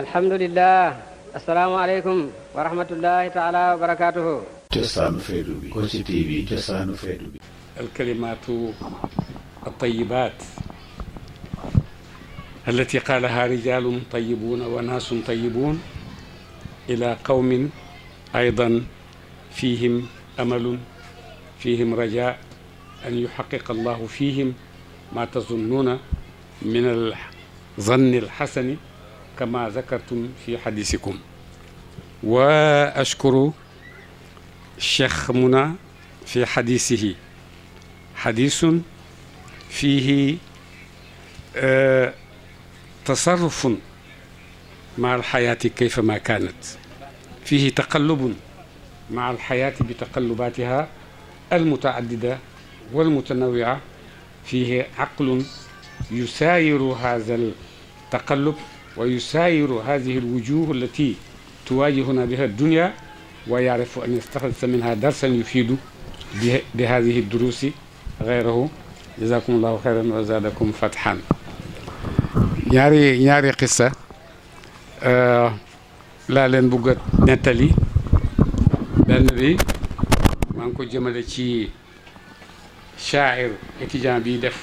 الحمد لله السلام عليكم ورحمة الله تعالى وبركاته جسان فيدوبي كوشي تي في جسان فيدوبي الكلمات الطيبات التي قالها رجال طيبون وناس طيبون إلى قوم أيضا فيهم أمل فيهم رجاء أن يحقق الله فيهم ما تظنون من الظن الحسن كما ذكرتم في حديثكم وأشكر الشيخ منى في حديثه حديث فيه آه، تصرف مع الحياة كيفما كانت فيه تقلب مع الحياة بتقلباتها المتعددة والمتنوعة فيه عقل يساير هذا التقلب ويساير هذه الوجوه التي تواجهنا بها الدنيا ويعرف أن يستخلص منها درسا يفيد بهذه الدروس غيره جزاكم الله خيرا وزادكم فتحا ñaari ñaari قصة آه، laa leen bëgg a nettali benn bi maa ngi ko شاعر ci shaa'ir étudiant bi def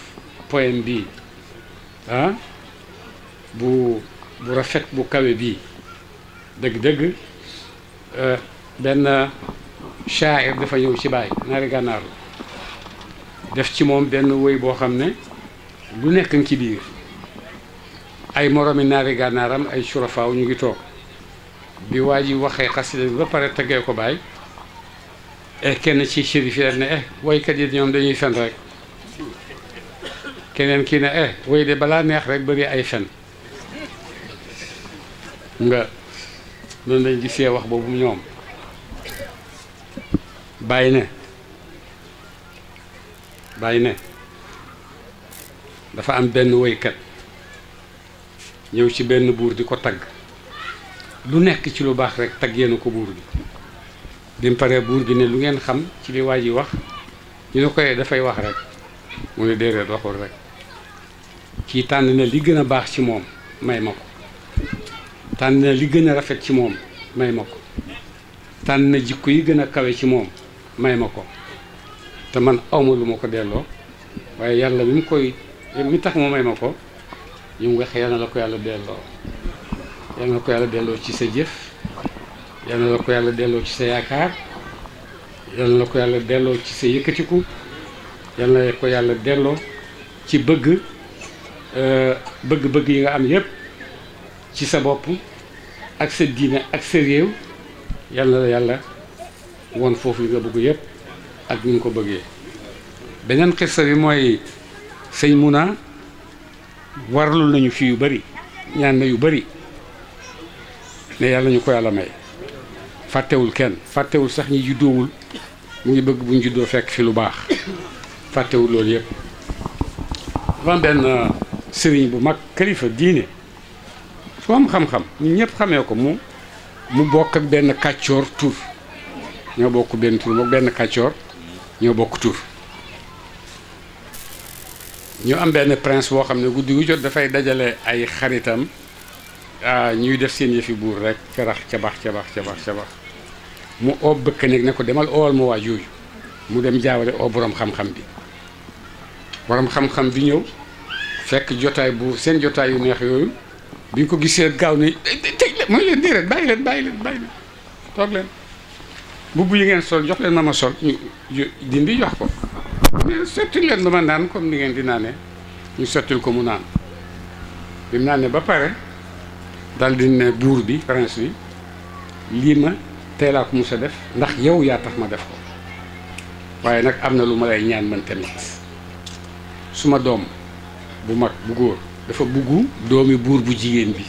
poème bi ah bu rafet bu kawe bii dëgg-dëgg euh, benn shaa'ir dafa ñëw ci baay naari gànnaar def ci moom benn woy boo xam ne lu nekk ci biir ay moromi naari gànnaaram ay surafaaw ñu ngi toog bi waa ji waxee xasida bi ba pare tegee ko baay e kenn ci shérif ne eh woykat yi ñoom dañuy fen rek keneen kii ne eh woy de balaa neex rek bëri ay fen nga noonu lañ gisee wax boobu ñoom bàyyi ne bàyyi ne dafa am benn woykat ñëw ci benn buur di ko tagg lu nekk ci lu baax rek taggee yenn ko buur bi bi mu paree buur bi ne lu ngeen xam ci li waa ji wax ñu ne koy eh, dafay wax rek mu ne déedéet waxul rek kii tànn na li gën a baax ci moom may ma ko tànn na li gën a rafet ci moom may ma ko tànn na jikko yi gën a kawe ci moom may ma ko te man awma lu ma ko delloo waaye yàlla mi mu koy mi tax mu may ma ko ñu mu waxee yàlla la ko yàlla delloo yàlla na ko yàlla delloo ci sa jëf yàlla na ko yàlla delloo ci sa yaakaar yàlla na ko yàlla delloo ci sa yëkkatiku yàlla na ko yàlla delloo ci bëgg euh, bëgg-bëgg yi nga am yépp ci sa bopp ak sa diine ak sa réew yàlla la yàlla won foofu li nga bëgg yëpp ak ni ko bëggee beneen xista bi mooy sëñ munaa warlu nañu fi yu bari ñaan na yu bari ne yàlla ñu ko yàlla may fàttewul kenn fàttewul sax ñi juddoowul mu ngi bëgg bu ñu juddoo fekk fi lu baax fàttewul loolu yëpp dafa benn euh, sëriñ bu mag kalifa diine fu am xam-xam ñun ñëpp xamee ko mu mu bokk ak benn kàccoor tur ñoo bokk benn tur mook benn kàccoor ñoo bokk tur ñu am benn prince boo xam ne guddi gu jot dafay dajale ay xaritam ah, ñuy def seen yëfi buur rek ca rax ca bax ca mu oob bëkk nekk ne ko demal oowal ma waa yooyu mu dem jaawale oo borom xam-xam bi borom xam-xam bi ñëw fekk jotaay bu seen jotaay yu neex yooyu bi ñu ko gisee gaaw ni tey mooy leen nii bàyyi leen bàyyi leen bàyyi leen toog leen mbubb yi ngeen sol jox leen ma ma sol ñu dindi jox ko mais sottil leen ba ma naan comme ni ngeen di naanee ñu sottil ko mu naan di mu naanee ba pare dal di ne buur bi prince bi lii ma tey laa ko mos def ndax yow yaa tax ma def ko waaye nag am na lu ma lay ñaan man tamit suma doom bu mag bu góor dafa bugg doomi buur bu jigéen bi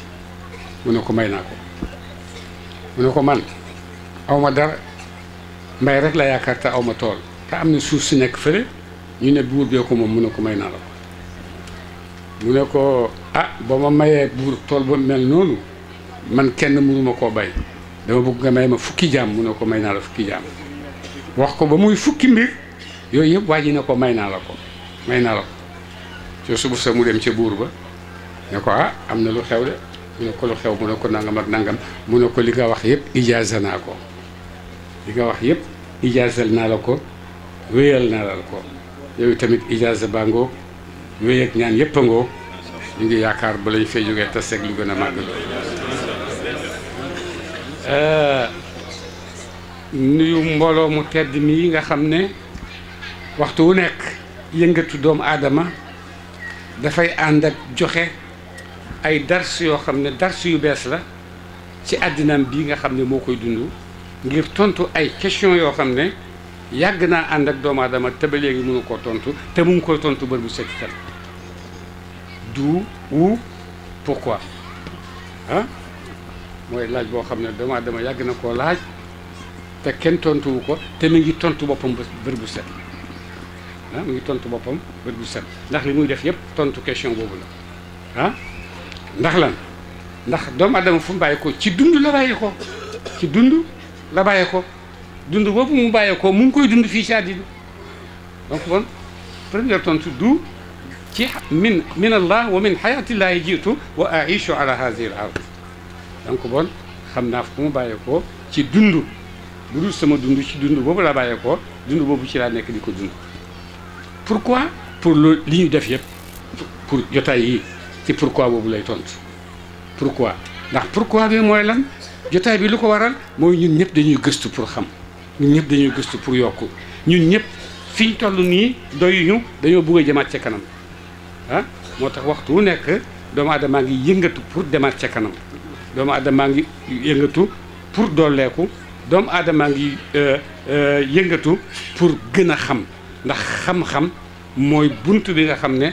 mu ne ko may naa ko mu ne ko man awma dara mbay rek la yaakaar te awma tool te am na suuf si nekk fële ñu ne buur bee ko moom mu ne ko may naa la ko mu ne ko ah boo ma mayee buur tool ba mel noonu man kenn mënuma koo bay dama bëgg nga may ma fukki jaam mu ne ko may naa la jaam wax ko ba muy fukki mbir yooyu yëpp waa ji ne ko may naa la ko may naa la ko soo suba sa mu dem ca buur ba ne ko ah am na lu xew de mu ne ko lu xew mu ne ko nangam ak nangam mu ne ko li nga wax yëpp ijaaza naa ko li nga wax yëpp ijaazal naa la ko wéyal naa la ko yooyu tamit ijaaza baa ngoog wéy ak ñaan yëpp a ngoog ñu ngi yaakaar ba lañ fee jógee tas seeg euh, mbooloo mu tedd yi nga xam ne waxtu wu nekk yëngatu doomu aadama dafay ànd ak joxe ay dars yoo xam ne dars yu bees la ci àddinaam bii nga xam ne moo koy dund ngir tontu ay question yoo xam ne yàgg naa ànd ak doomu aadama te ba léegi mënu koo tontu te mu ngi koy tontu bër bu sekital d'où où pourquoi ah mooy laaj boo xam ne doomu aadama yàgg na koo laaj te kenn tontuwu ko te mu ngi tontu boppam bër bu set ah mu ngi tontu boppam bër bu set ndax li muy def yépp tontu question boobu la ndaxlan ndax doom adam fu mu bàyyi ko ci dund la bàyyi ko ci dund la bàyyi ko dund bobu mu bàyyi ko mu ngoy koy dund fii ci donc bon première tontu du ci min min allah wa min hayati allah jitu wa a'ishu ala hadhihi al ard donc bon xamna fu mu bàyyi ko ci dund bu sama dund ci dund bobu la bàyyi ko dund bobu ci la nek diko ko dund pourquoi pour le li ñu def yëpp pour jotay yi ci pourquoi boobu lay tontu pourquoi ndax pourquoi bi mooy lan jotaay bi lu ko waral mooy ñun ñëpp dañuy gëstu pour xam ñun ñëpp dañuy gëstu pour yokku ñun ñëpp fi ñu toll nii doyuñu dañoo bëgg a jëmaat ca kanam ah moo tax waxtu wu nekk doomu aadamaa ngi yëngatu pour demaat ca kanam doomu aadamaa ngi yëngatu pour dolleeku doomu aadamaa ngi euh, euh, yëngatu pour gën a xam ndax xam-xam mooy bunt bi nga xam ne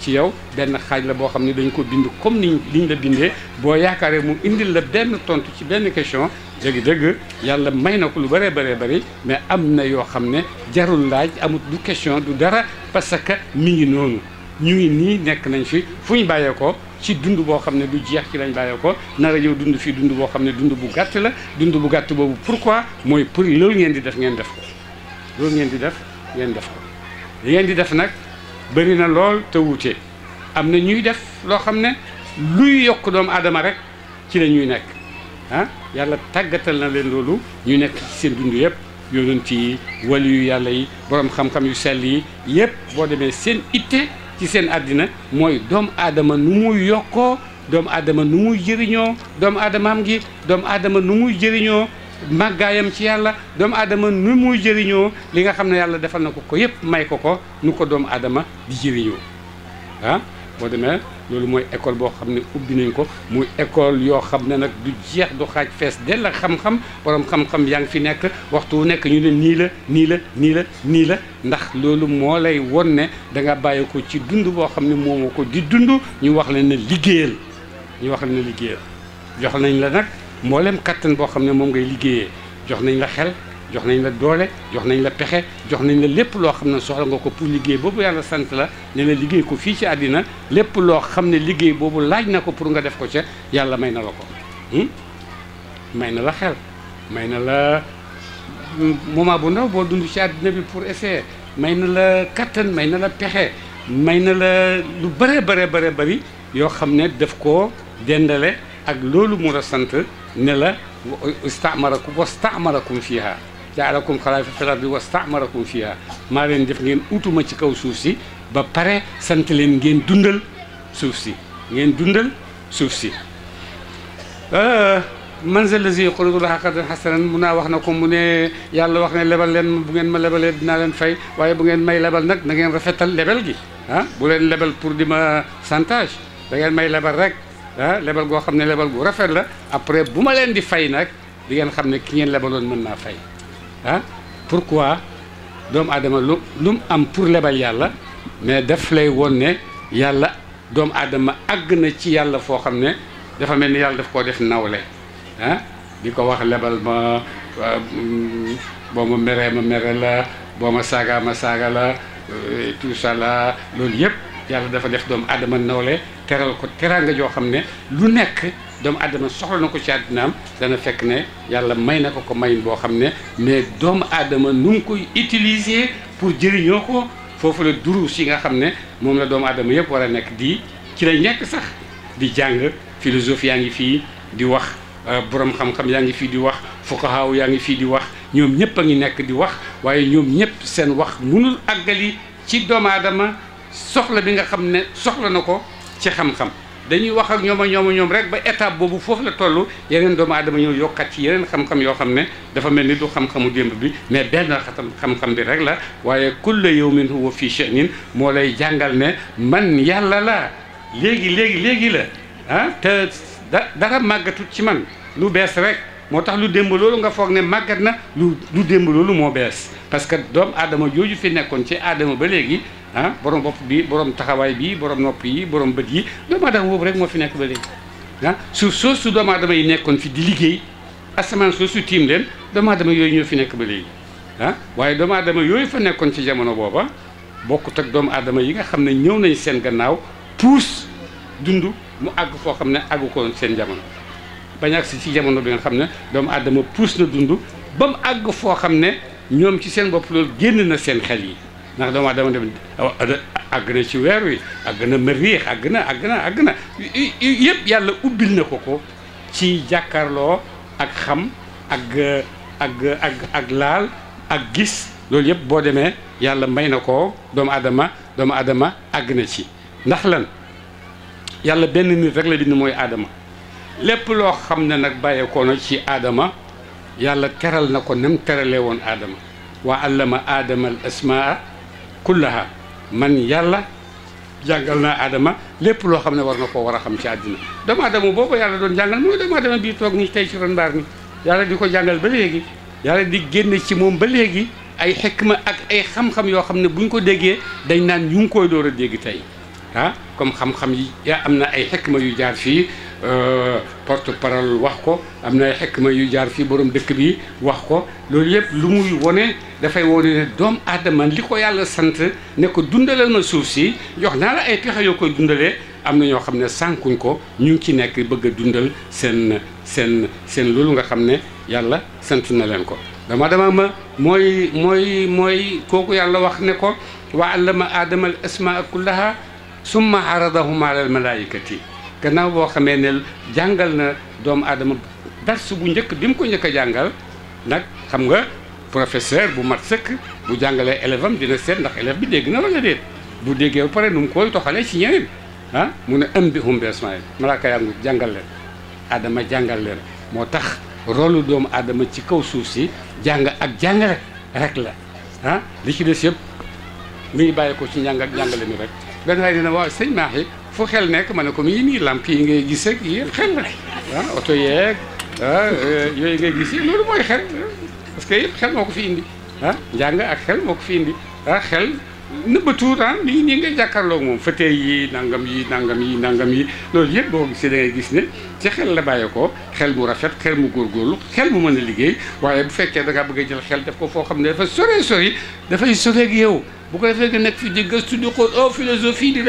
ci yow benn xaaj la boo xam ne dañ ko bind comme niñ liñ la bindee boo yaakaaree mu indil la benn tontu ci benn question dëgg-dëgg yàlla may na ko lu bëree bëree bëri mais am na yoo xam ne jarul laaj amut du question du dara parce que mi ngi noonu ñu ngi nii nekk nañ fi fu ñu bàyyeekoo ci dund boo xam ne du jeex ci lañ bàyyeekoo nar a yow dund fii dund boo xam ne dund bu gàtt la dund bu gàtt boobu pour quoi mooy pour loolu ngeen di def ngeen def loolu ngeen di def ngeen def bëri na lool te wuute am na ñuy def loo xam ne luy yokk doomu aadama rek ci lañuy nekk ah yàlla tàggatal na leen loolu ñu nekk ci seen dund yëpp yonent ci wali yu yàlla yi borom xam-xam yu sell yi yëpp boo demee seen itte ci seen àddina mooy doomu aadama nu muy yokkoo doomu aadama nu muy jëriñoo doomu am gi doomu aadama nu muy jëriñoo màggaayam ci yàlla doomu aadama nu muy jëriñoo li nga xam ne yàlla defal na ko ko yépp may ko ko nu ko doomu aadama di jëriñoo ah boo demee loolu mooy école boo xam ne ubbi nañ ko muy école yoo xam ne nag du jeex du xaaj fees dell ak xam-xam borom xam-xam yaa ngi fi nekk waxtu wu nekk ñu ne nii la nii la nii la nii la ndax loolu moo lay won ne da nga bàyyi ko ci dund boo xam ne moomoo ko di dund ñu wax leen ne liggéeyal ñu wax leen ne liggéeyal jox nañ la nag mboolem katan bo xamne mom ngay liggéeyee jox nañ la xel jox nañ la doole jox nañ la pexe jox nañ la lépp lo xamne soxla nga ko pour liggéey bobu yàlla sante la ne la liggéey ko fi ci adina lépp lo xamne ne liggéey boobu laaj nako pour nga def ko ci yàlla may na la ko may na la xel may na la moma bu ndaw bo dund ci adina bi pour essayer may na la katan may na la pexe may na la lu bare bare bare bari yo xamne def ko dendale ak lolou mu ra sante نلا استعمركم واستعمركم فيها jaalakum xalaafa fil ardi wastaamarakum fiha maa leen def ngeen utuma ci kaw suuf si ba pare sant leen ngeen dundal suuf si ngeen dundal suuf si man zal lazi yuqridullaha qardan hasanan mun naa wax na ko mu ne yàlla wax ne lebal leen bu ngeen ma lebalee dinaa leen fay waaye bu ngeen may lebal nag na ngeen rafetal lebel gi ah bu leen lebal pour di ma chantage da ngeen may lebal rek ah lebal goo xam ne lebal gu rafet la après bu ma leen di fay nag di ngeen xam ne ki ngeen lebaloon mën naa fay ah pourquoi doomu aadama lu lu mu am pour lebal yàlla mais daf lay woon ne yàlla doomu aadama àgg na ci yàlla foo xam ne dafa mel ni yàlla daf koo def nawle ah di ko wax lebal ma mm, boo ma meree ma mere la boo ma saagaa ma saaga la euh, tout ça la loolu yëpp yàlla dafa def doomu aadama nawle teral ko teraanga joo xam ne lu nekk doomu aadama soxla na ko ci àddinaam dana fekk ne yàlla may na ko ko mayin boo xam ne mais doomu aadama nu ngi koy utiliser pour jëriñoo ko foofu la duruus yi nga xam ne moom la doomu adama yëpp war a nekk di ci lay nekk sax di jàng philosophie yaa ngi fii di wax euh, borom xam-xam yaa ngi fii di wax fuqahaaw yaa ngi fii di wax ñoom ñëpp a ngi nekk di wax waaye ñoom ñëpp seen wax munul soxla bi nga xam ne soxla na ko ci xam-xam dañuy wax ak ñoom a ñoom ñoom rek ba étape boobu foofu la toll yeneen doomu aadama ñëw yokkat ci yeneen xam-xam yoo xam ne dafa mel ni du xam-xamu démb bi mais benn xam-xam bi rek la waaye kulla yawmin huwa fii sha'nin moo lay jàngal ne man yàlla la léegi léegi léegi la ah te da dara màggatut ci man lu bees rek moo tax lu démb loolu nga foog ne màggat na lu lu démb loolu moo bees parce que doomu aadama jooju fi nekkoon ci aadama ba léegi ah borom bopp bi borom taxawaay bi borom nopp yi borom bët yi doomu aadama boobu rek moo fi nekk ba léegi ah suuf soosu doomu aadama yi nekkoon fi di liggéey asamaan su tiim leen doomu aadama yooyu ñoo fi nekk ba léegi ah waaye doomu aadama yooyu fa nekkoon ci jamono booba bokkut ak doomu aadama yi nga xam ne ñëw nañ seen gannaaw puus dund mu àgg foo xam ne àggu ko seen jamono bañ si ci jamono bi nga xam ne doomu adama puus na dund ba mu àgg foo xam ne ñoom ci seen bopp loolu génn na seen xel yi ndax doomu aadama ah, ah, dem àgg na ci weer wi àgg na mariix àgg na àgg na àgg na yëpp yàlla ubbil na ko ko ci jàkkaarloo ak xam ak ak ak laal ak gis loolu yëpp boo demee yàlla may na ko doomu aadama doomu aadama àgg na ci ndax lan yàlla benn nit rek la bind mooy aadama lépp loo xam ne nag na ci aadama yàlla teral na ko nam terale woon aadama wa allama adama al asmaa kullaha man yàlla jàngal adama aadama lépp loo xam ne war na koo war a xam ci àddina doomu aadama boobu yàlla doon jàngal mooy doomu aadama bii toog ni tey ci ron mbaar mi yàlla di jàngal ba léegi yàlla di génne ci moom ba léegi ay xikma ak ay xam-xam yoo xam ne bu ñu ko déggee dañ naan ñu koy door a dégg tey ah comme xam-xam yi yaa am ay xikma yu jaar fii porte parole wax ko amna ay hikma yu jaar fi borom dëkk bi wax ko loolu yeb lu muy wone da fay wone dom adam man liko yàlla sante ne ko dundalal na suuf si jox na la ay pexay yoo koy dundalee am na ñoo sànkuñ ko ñu ci nekk bëgg dundal sen sen sen loolu nga xamné yàlla sante na len ko dama dama ma moy moy moy koku yàlla wax ne ko wa allama aadama al asma kullaha ثم عرضهم على الملائكه gannaaw boo xamee ne jàngal na doomu aadama dars bu njëkk bi mu ko njëkk a jàngal nag xam nga professeur bu mat sëkk bu jàngalee élève dina seet ndax élève bi dégg na wala déet bu déggee ba pare nu mu koy toxalee ci ñeneen ah mu ne am bi hum bi asmaa'il malaaka jàngal leen aadama jàngal leen moo tax rolu doomu aadama ci kaw suuf si jàng ak jàng rek la ah li ci des yëpp mi ngi bàyyi ko ci njàng ak jàngale mi rek benn waaye dina waaw sëñ Maahi fu xel nekk ma ne ko mi ngi nii yi ngay gis ak yëpp xel la ah oto yeeg ah eh, yooyu ngay gis loolu mooy xel parce que yëpp xel moo fi indi ah njàng ak xel moo ko fi indi ah, xel nëbbatu ah nii nii ngay jàkkaarloog moom fëtee yi nangam yi nangam yi nangam yi loolu yëpp boo gisee da gis ne ci xel la bàyyee ko xel mu rafet xel mu góorgóorlu xel mu mën a liggéey waaye bu fekkee da ngaa bëgg a jël xel def ko foo xam ne dafa sore sori dafay soreeg yow bu ko defee nga nekk fi di gëstu di xool oh philosophie di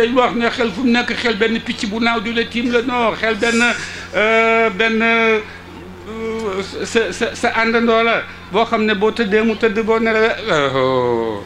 xel fu mu xel benn picc bu naaw du la tiim la xel benn euh, benn euh, sa sa àndandoo la boo xam ne boo tëddee mu tëdd boo nelaw oh,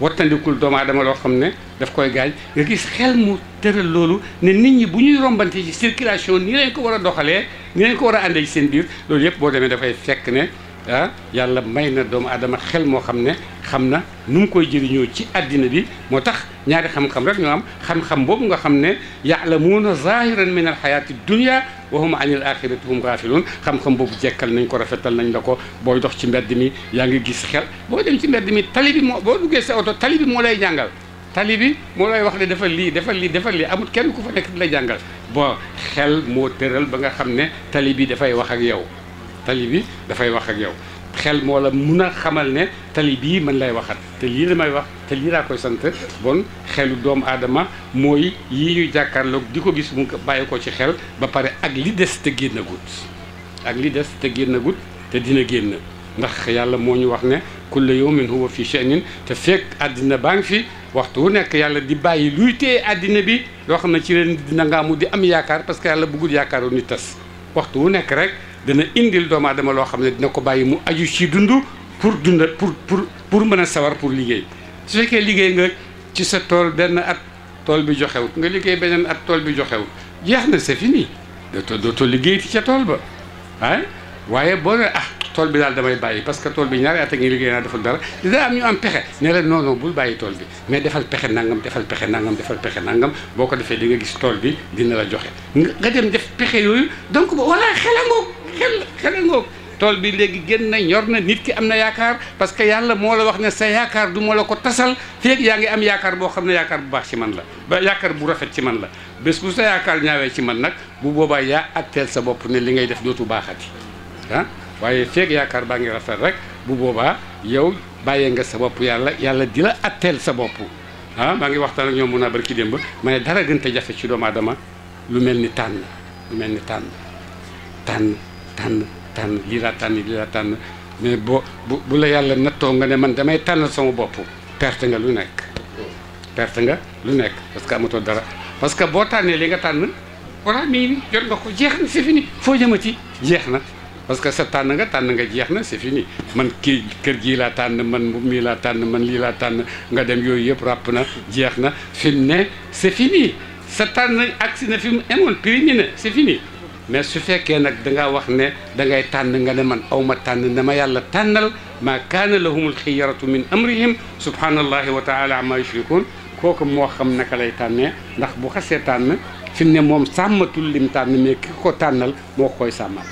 watandikul doomu aadama lo xamne daf koy gaaj nga gis xel mu teural lolu ne nit ñi bu ñuy rombante ci circulation ni lañ ko wara doxalé ni lañ ko wara andé ci seen biir lolu yëpp bo démé da fay fekk ne ah yàlla may na doomu aadama xel mo xamne xamna num koy jëriñoo ci adina bi motax ñaari xam-xam rek ñu am xam-xam bobu nga xamne ya'lamuna zahiran min alxayaati dunya وهم عن الآخرة هم غافلون خم خم بوب جكل نين كرة فتل نين دكو بوي دخ تيمبر دمي يانغي جيس خل بوي دم تيمبر دمي تالي بي بوي دوجي سي أوتو تالي مولاي جانغال تالي مولاي وخل دفل لي دفل لي دفل لي أمد كم كوفا نكت لا جانغال بوا خل مو ترل بعك خم نه تالي دفاي وخل ياو تالي دفاي وخل ياو xel moo la mun a xamal ne tali bii mën lay waxat te lii la may wax te lii laa koy sant bon xelu doomu aadama mooy yi ñuy jàkkaarloog di ko gis mu bàyyi ko ci xel ba pare ak li des te génn gut ak li des te génn gut te dina génn ndax yàlla moo ñu wax ne ku kullu yawmin huwa fi sha'nin te fekk àddina baa ngi fi waxtu wu nekk yàlla di bàyyi luy téye àddina bi loo xam ne ci leen dina nga mu di am yaakaar parce que yàlla bëggul yaakaaru nit tas waxtu wu nekk rek dana indil doomu aadama loo xam ne dina ko bàyyi mu aju ci dund pour dunda pour pour pour mën a sawar pour liggéey su fekkee liggéey nga ci sa tool benn at tool bi joxewut nga liggéey beneen at tool bi joxewut jeex na c'est fini dootoo dootoo liggéey ci ca tool ba ah waaye boo nee ah tool bi daal damay bàyyi parce que tool bi ñaari at a ngi liggéey naa deful dara dina am ñu am pexe ne la non non bul bàyyi tool bi mais defal pexe nangam defal pexe nangam defal pexe nangam boo ko defee di nga gis tool bi dina la joxe nga xel xel ngoog tol bi legi gen na ñor na nit ki am yaakar parce que yalla mo la wax ne sa yaakar du mo la ko tassal fek ya nga am yaakar bo xamne yaakar bu baax ci man la ba yaakar bu rafet ci man la bes bu sa yaakar ñawé ci man nak bu boobaa ya? atteel sa bop ne li ngay def dotu baaxati ah waye fek yaakar ba nga rafet rek bu boba, yow baye nga sa bop yalla yalla dila la sa bop ha ah. maa ngi waxtaan ak ñoom mu na barki demb ma dara gën te ci doom lu melni tan lu melni tan tan tànn tànn lii laa tànn lii laa tànn mais boo bu bu la yàlla nattoo nga ne man damay tànn sama bopp perte nga lu nekk perte nga lu nekk parce que amatoo dara parce que boo tànnee li nga tànn voilà mii ni jot nga ko jeex na c'est fini foo jëmati jeex na parce que sa tànn nga tànn nga jeex na c'est fini man kii kër gii laa tànn man mbub mii laa tànn man lii laa tànn nga dem yooyu yëpp ràpp na jeex na fi mu ne c'est fini sa tànn agsi na fi mu emoon périmé na fini mais su fekke nak da nga wax ne da ngay tan nga ne man awma tànn dama yàlla tànnal maa kaana lahumul khiyaratu min amrihim subhanallahi wa taala ma yushrikun kooku mo xam nak lay tànnee ndax bu xasse tan fi ne mom samatul lim tan mais ki ko tànnal moo koy samal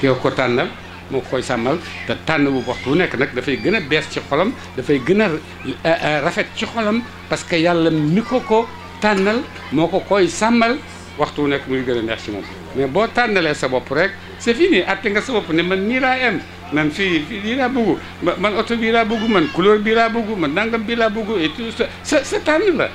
ki ko tànnal moo koy samal te tan bu waxtu nek nak da fay gëna bes ci xolam da fay gëna rafet ci xolam parce que yàlla mi ko ko tanal moko koy samal waxtu nekk mu gën a neex ci moom mais boo tànnalee sa bopp rek c'est fini atte nga sa bopp ne man nii laa am man fii fii lii laa man oto bii laa bëggu man couleur bii laa bëggu man nangam bii laa bëggu et tout sa sa tànn la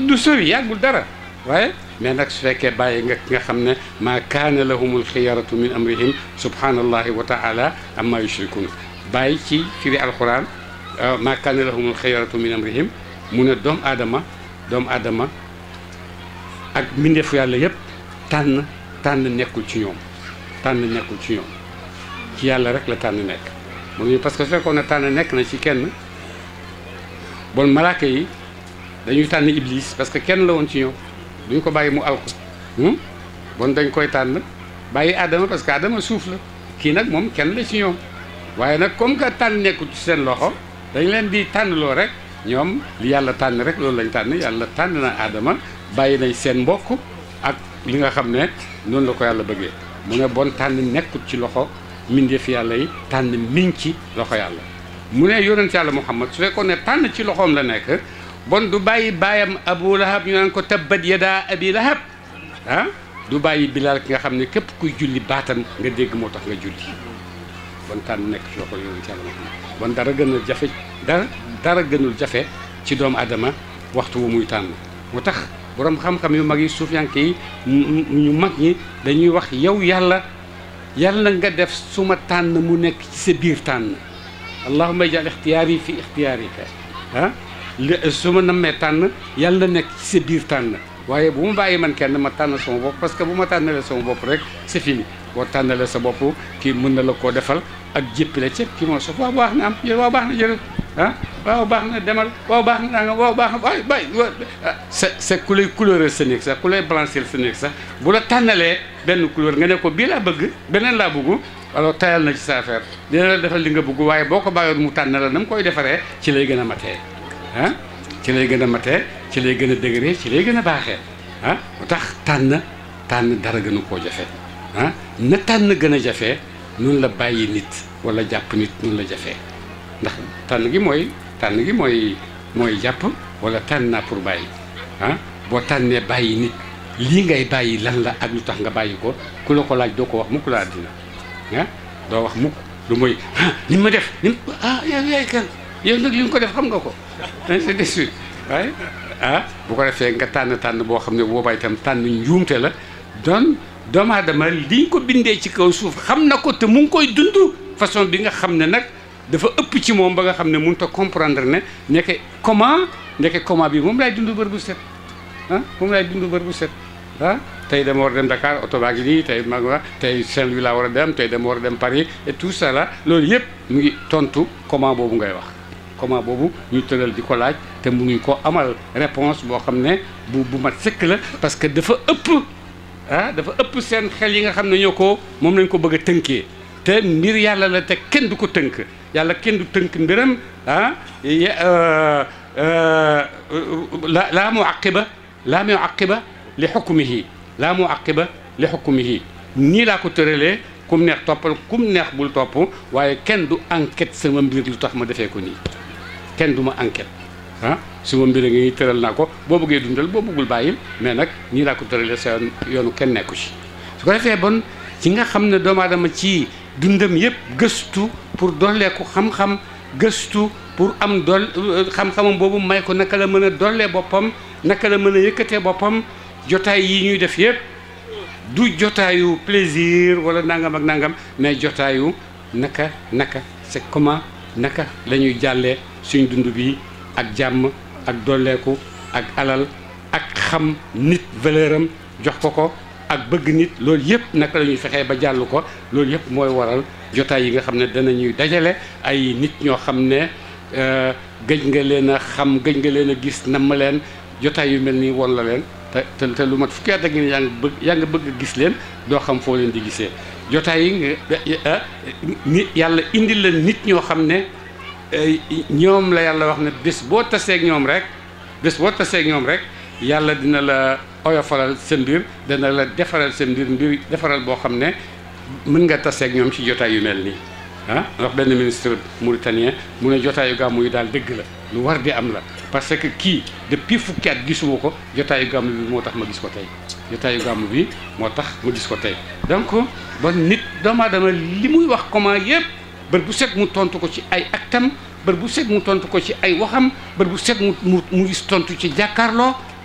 du sori yàggul dara waaye mais nag su fekkee bàyyi nga nga xam ne maa kaana lahumul xiyaratu min amrihim subhanallahi wa taala amma yushrikun bàyyi ci firi alquran maa kaana lahumul xiyaratu min amrihim mu ne doomu aadama doomu aadama ak mbindeefu yàlla yëpp tànn tànn nekkul ci ñoom tànn nekkul ci ñoom ci yàlla rek la tànn nekk moom parce que su na tànn nekk na ci kenn bon malaaka yi dañuy tànn iblis parce que kenn la woon ci ñoom duñ ko bàyyi mu alku hmm? bon dañ koy tànn bàyyi Adama parce que Adama suuf la kii nag moom kenn la ci ñoom waaye nag comme que tànn nekkul ci seen loxo dañ leen di tànnloo rek ñoom li yàlla tànn rek loolu lañ tànn yàlla tànn na Adama bàyyi nañ seen mbokk ak li nga xam ne noonu la ko yàlla bëggee mu ne bon tànn nekkut ci loxo mbindeef yàlla yi tànn miñ ci loxo yàlla mu ne yonent yàlla Muhammad su fekkoon ne tànn ci loxoom la nekk bon du bàyyi baayam abu lahab ñu naan ko tabbat yadaa abi lahab ah du bàyyi bilaal ki nga xam ne képp kuy julli baatam nga dégg moo tax nga julli bon tànn nekk ci loxo yonent yàlla Muhammad bon dara gënul jafe dara gënul jafe ci doomu adama waxtu wu muy tànn borom xam-xam yu magi yi ki ñu mag ñi dañuy wax yow yalla yalla nga def suma tan mu nek ci sa bir tan allahumma ja'al ikhtiyari fi ikhtiyarika ha le suma nammee tan, yalla nek ci sa bir tan waye bu mu baye man kenn ma tan sama bop parce que bu ma tànnalee sama bop rek c'est fini bo tanale sa bop ki mën na la ko defal ak ci ki mo na am wax na ah waaw baax na demal waaw baax na nga waaw baax na waay bay sa ku lay couleur sa néeg sax ku lay blanchir sa néeg sax bu la tànnalee benn couleur nga ne ko bii laa bëgg beneen laa bëgg alors tayal na ci sa affaire defal li nga bëgg waaye boo ko bàyyoon mu tànn na mu koy defaree ci lay gën a matee ci lay gën a matee ci lay gën a dëgëree ci lay gën a baaxee ah mu tax tànn tànn dara gënu koo jafe ah na tànn gën a jafe noonu la bàyyi nit wala jàpp nit noonu la jafee ndax tànn gi mooy tànn gi mooy mooy jàpp wala tànn naa pour bàyyi ah boo tànnee bàyyi nit lii ngay bàyyi lan la ak lu tax nga bàyyi ko ku la ko laaj doo ko wax mukk la addina ah, doo wax mukk lu mooy ah ni ma def ni ah yow yaay kan yow nag li nga ko def xam nga ko ainsi de ah, ko defee nga tànn tànn boo xam ne boobaa tànn njuumte la doon doomu aadama li ñu ko bindee ci kaw suuf xam na ko te mu ngi koy dund façon bi nga xam ne nag dafa ëpp ci moom ba nga xam ne mënut a comprendre ne nekke comment nekke comment bi moom lay dund bër bu set ah moom laay dund bër bu set ah tey dama war dem ndakaar oto baa ngi nii tey mag wa tey Saint-Louis laa war a dem tey dama war a dem Paris et tout ça là loolu yëpp mu ngi tontu comment boobu ngay wax comment boobu ñu tëral di ko laaj te mu ngi ko amal réponse boo xam ne bu bu mat sëkk la parce que dafa ëpp ah dafa ëpp seen xel yi nga xam ne ñoo ko moom lañ ko bëgg a tënkee te mbir yàlla la te kenn du ko tënk yàlla kenn du tënk mbiram ah euh, euh, la laa mu aqiba laa mu aqiba li xukmihi laa mu aqiba li xukmihi nii laa ko tëralee kum neex toppal kum neex bul topp waaye kenn du enquête sama mbir lu tax ma defee ko nii kenn du ma enquête ah suma mbir a ngi tëral naa ko boo bëggee dundal boo bëggul bàyyil mais nag nii laa ko tëralee sa yoonu kenn nekku ci su ko defee bon ci nga xam ne doomu ci dundam yépp gëstu pour dolleeku xam-xam gëstu pour am dool euh, xam-xamam boobu may ko naka la mën a dollee boppam naka la mën a yëkkatee boppam jotaay yi ñuy def yépp du jotaayu plaisir wala nangam ak nangam mais jotaayu naka naka c'est comment naka la ñuy jàllee suñ dund bi ak jàmm ak dolleeku ak alal ak xam nit valeur am jox ko ko ak bëgg nit loolu yëpp naka la ñuy fexee ba jàll ko loolu yëpp mooy waral jotaay yi nga xam ne danañuy dajale ay nit ñoo xam ne euh, gëj nga leen a xam gëj nga leen a gis namm leen jotaay yu mel nii woon la leen te te lu mat fukki at ak ni yaa bëgg yaa ngi bëgg gis leen doo xam foo leen di gisee jotaay yi euh, nit yàlla indi la nit ñoo xam ne euh, ñoom la yàlla wax ne bés boo taseek ñoom rek bés boo taseek ñoom rek yàlla dina la oyofalal sa mbir dana la defaral sa mbir mbir defaral boo xam ne mën nga taseeg ñoom ci jotaay yu mel nii ah ndax benn ministre mauritanien mu ne jotaayu gàmmu yi daal dëgg la lu war di am la parce que kii depuis fukki at gisuma ko jotaayu gàmmu bi moo tax ma gis ko tey jotaayu gàmmu bi moo tax ma gis ko tey donc ba nit doomu aadama li muy wax comment yëpp bët bu set mu tontu ko ci ay actam bët bu set mu tontu ko ci ay waxam bët bu set mu mu mu tontu ci jàkkaarloo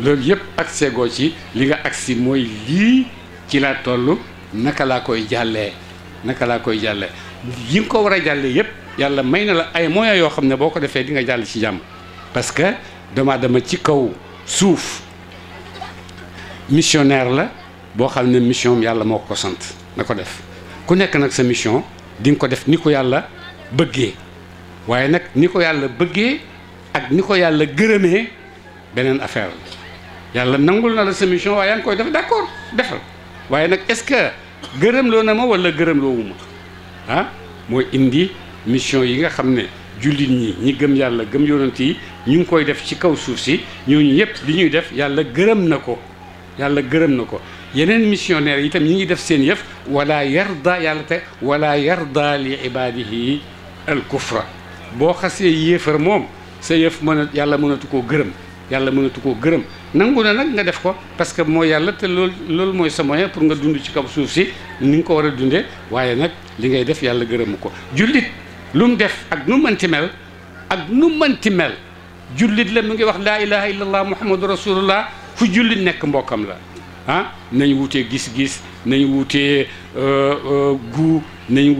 loolu yëpp accès goo ci li nga agsi mooy lii ci laa toll naka laa koy jàllee naka laa koy jàllee yi nga ko war a jàlle yëpp yàlla may na la ay moyens yoo xam ne boo ko defee di nga jàll ci jàmm parce que dama dama ci kaw suuf missionnaire la boo xam ne mission yàlla moo ko sant na ko def ku nekk nag sa mission di ko def ni ko yàlla bëggee waaye nag ni ko yàlla bëggee ak ni ko yàlla gërëmee beneen affaire la yàlla nangul na la sa mission waaye yaa ngi koy def d'accord defal waaye nag est-ce que gërëm na ma wala gërëm loowu ma ah, mooy indi mission yi nga xam ne jullit ñi ñi gëm yàlla gëm yonent yi ñu ngi koy def ci kaw suuf si ñooñu yëpp li ñuy def yàlla gërëm na ko yàlla gërëm na ko yeneen missionnaire yi itam ñi ngi def seen yëf wala yarda yàlla te wala yarda li ibadihi al kufra boo xasee yéefar moom sa yëf mën a yàlla mënatu koo gërëm yalla mëna tuko gërëm nanguna nak nga def ko parce que mo yalla té lool lool moy sa moyen pour nga dund ci kaw souf ci ni nga ko war a dundee waaye li ngay def yalla gërëmu ko jullit lu def ak nu mënti mel ak nu mënti mel jullit la mu ngi wax la ilaha illallah muhammadur rasulullah fu jullit nek mbokam la ah nañ wuté gis-gis nañ euh, euh goût nañ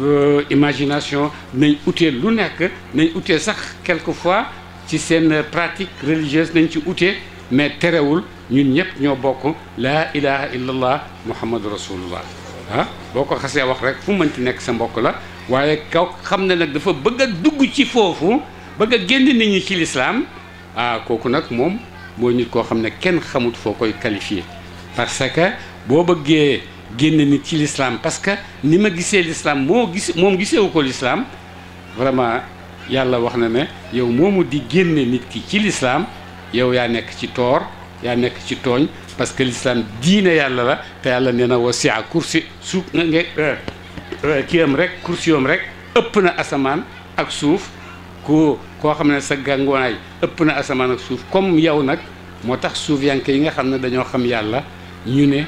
euh imagination nañ utee lu nek nañ utee sax quelquefois ci seen pratique religieuse nañ ci ute mais terewul ñun ñëpp ñoo bokk laa ilaha illallah muhammadu rasulullah ah boo ko xasee wax rek fu mënti nekk sa mbokk la waaye kaw xam ne nag dafa bëgg a dugg ci foofu bëgg a génn nit ñi ci lislaam ah kooku nag moom mooy nit koo xam ne kenn xamut foo koy qualifié parce que boo bëggee génn nit ci lislaam parce que ni ma gisee lislaam moo gis moom gisewu ko lislaam vraiment yàlla wax na ne yow moomu di génne nit ki ci lislaam yow yaa nekk ci toor yaa nekk ci tooñ parce que l'islam diine yàlla la te yàlla nee na wasi'a kursi suuf nga nga eh, eh, kiyam rek kursiyam rek ëpp na asamaan ak suuf ko koo xam ne sa gàngoonaay ëpp na asamaan ak suuf comme yow nag moo tax suuf yanke yi nga xam ne dañoo xam yàlla ñu ne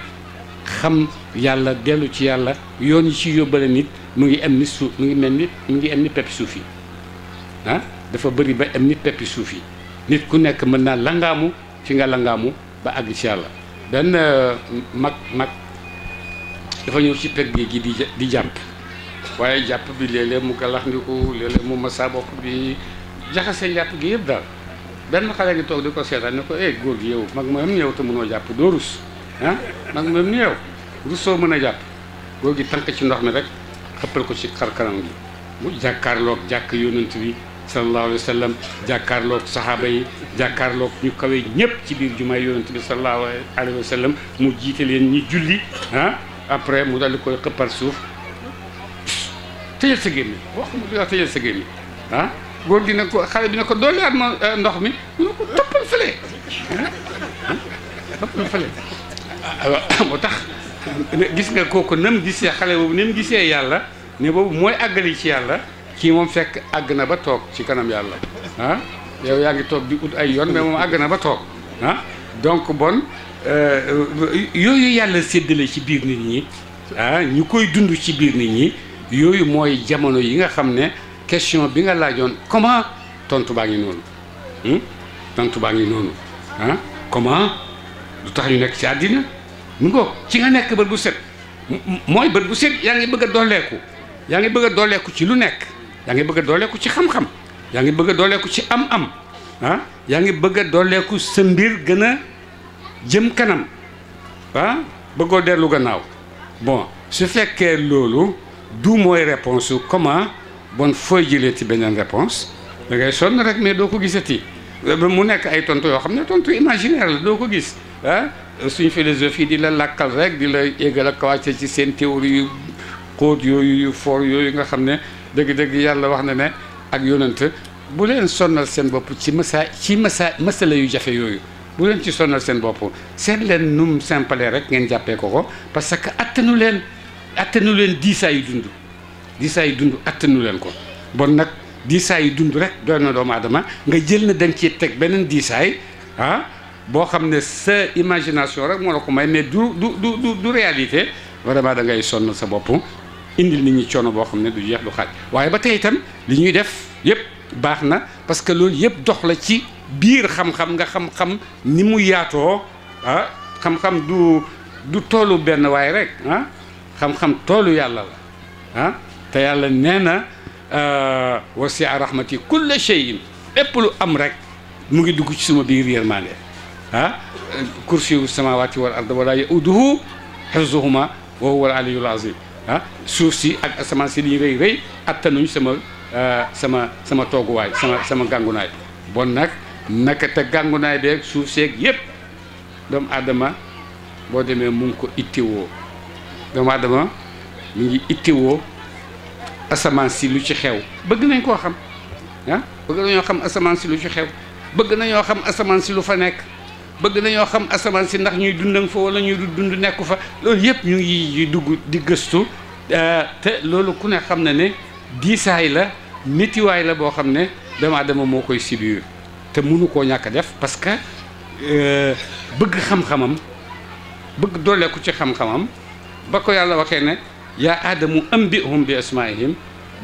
xam yàlla dellu ci yàlla yoon yi ci yóbbale nit mu ngi am ni suuf mu ngi mel ni mu ngi am ni pepp suuf yi ah dafa bari ba am nit pepi soufi nit ku nek man na langamu fi nga langamu ba ag ci yàlla euh, mak mak mag dafa ñëw ci pek gi di di jàpp waaye jàpp bi lele mu ko lax ndiku lele mu mu sa bok bi jaxase njàpp gi yeb dal ben xala gi tok di setan ne ko eh gor gi yow mak mom ñew te mëno japp doo rus ah mag moom yow rusoo mën a jàpp gi tank ci ndox mi rek xeppal ko ci xarkaram gi mu jàkkaarloog jak yonent bi sallallahu alayhi wa sallam jàkkaarloog saxaaba yi jàkkaarloog ñu kawe ñépp ci biir jumaay yonent bi sallallahu alayhi wa mu jiite leen ñi julli ah après mu daldi koy xëppal suuf tëjal sa gémmi wax mu di wax tëjal sa gémmi ah, góor gi ne ko xale bi ne ko dolliwaat ma euh, ndox mi mu ne ko toppal fële ah, toppal fële moo tax gis nga kooku nam gisee xale boobu nam gisee yàlla ne boobu mooy àggali ci yàlla kii moom fekk àgg na ba toog ci kanam yàlla ah yow yaa ngi toog di ut ay yoon mais moom àgg na ba toog ah bon euh, yooyu yàlla séddale ci biir nit ñi ah ñu koy dund ci biir nit ñi yooyu mooy jamono yi nga xam ne question bi nga laajoon comment tontu baa ngi noonu hmm? tontu baa ngi noonu ah comment lu tax ñu nekk ci àddina mu ngoog ci nga nekk bët bu set mooy bët bu set yaa ngi bëgg a dooleeku yaa ngi bëgg a dooleeku ci lu nekk yaa ngi bëgg a dooleeku ci xam-xam yaa ngi bëgg dooleeku ci am-am ah yaa ngi bëgg a dooleeku sa mbir gën a jëm kanam ah bëggoo dellu gannaaw bon su fekkee loolu du mooy réponse su comment bon fooy jëlee ci beneen réponse da ngay sonn rek mais doo ko gisati euh, mu nekk ay tontu yoo xam ne tontu imaginaire la doo ko gis ah. suñu suñ philosophie di la lakkal rek di la yégal ak wàcce ci seen théorie yu xóot yooyu yu foor yooyu nga xam ne dëgg-dëgg yàlla wax na ne ak yonent bu leen sonnal seen bopp ci masa ci masa masala yu jafe yooyu bu leen ci sonnal seen bopp seen leen num simple rek ngeen jàppee ko ko parce que attanu leen attanu leen diisaayu dund diisaayu dund attanu leen ko bon nag diisaayu dund rek doy na doomu aadama nga jël na danga ci teg beneen diisaay ah boo xam ne sa imagination rek moo la ko may mais du du du du réalité vraiment da ngay sonn sa bopp indil nit ñi coono bo xamne du jeex du xaj waye ba tay tam li ñuy def yépp baxna parce que lool yépp dox la ci biir xam-xam nga xam-xam ni mu yaato ha xam-xam du du tolu ben way rek ha xam-xam tolu yàlla la ha te yàlla neena wa si'a rahmati kull shay lépp lu am rek mu ngi dugg ci suma biir yërmande ha kursiyu samawati wal ard wala yauduhu xifzuhuma wa huwa al aliyyu al azim Ah, suuf si ak asamaan si li ñu rëy rëy attanuñ sama euh, sama sama tooguwaay sama sama gàngunaay bon nag naka te gàngunaay beeg suuf seeg yépp doomu aadama boo demee mu ko ittewoo doomu aadama mu ngi ittewoo asamaan si lu ci xew bëgg nañ koo xam ah bëgg nañoo xam asamaan si lu ci xew bëgg nañoo xam asamaan si lu fa nekk bëgg nañoo xam asamaan si ndax ñuy dund fa wala ñuy dund nekku fa loolu yëpp ñu ngi dugg di gëstu euh, te loolu ku ne xam na ne diisaay la métiwaay la boo xam ne doomu aadama moo koy subir te mënu koo ñàkk def parce que euh, bëgg xam-xamam bëgg dooleeku ci xam-xamam ba ko yàlla waxee ne yaa aadamu ambihum bi asmaihim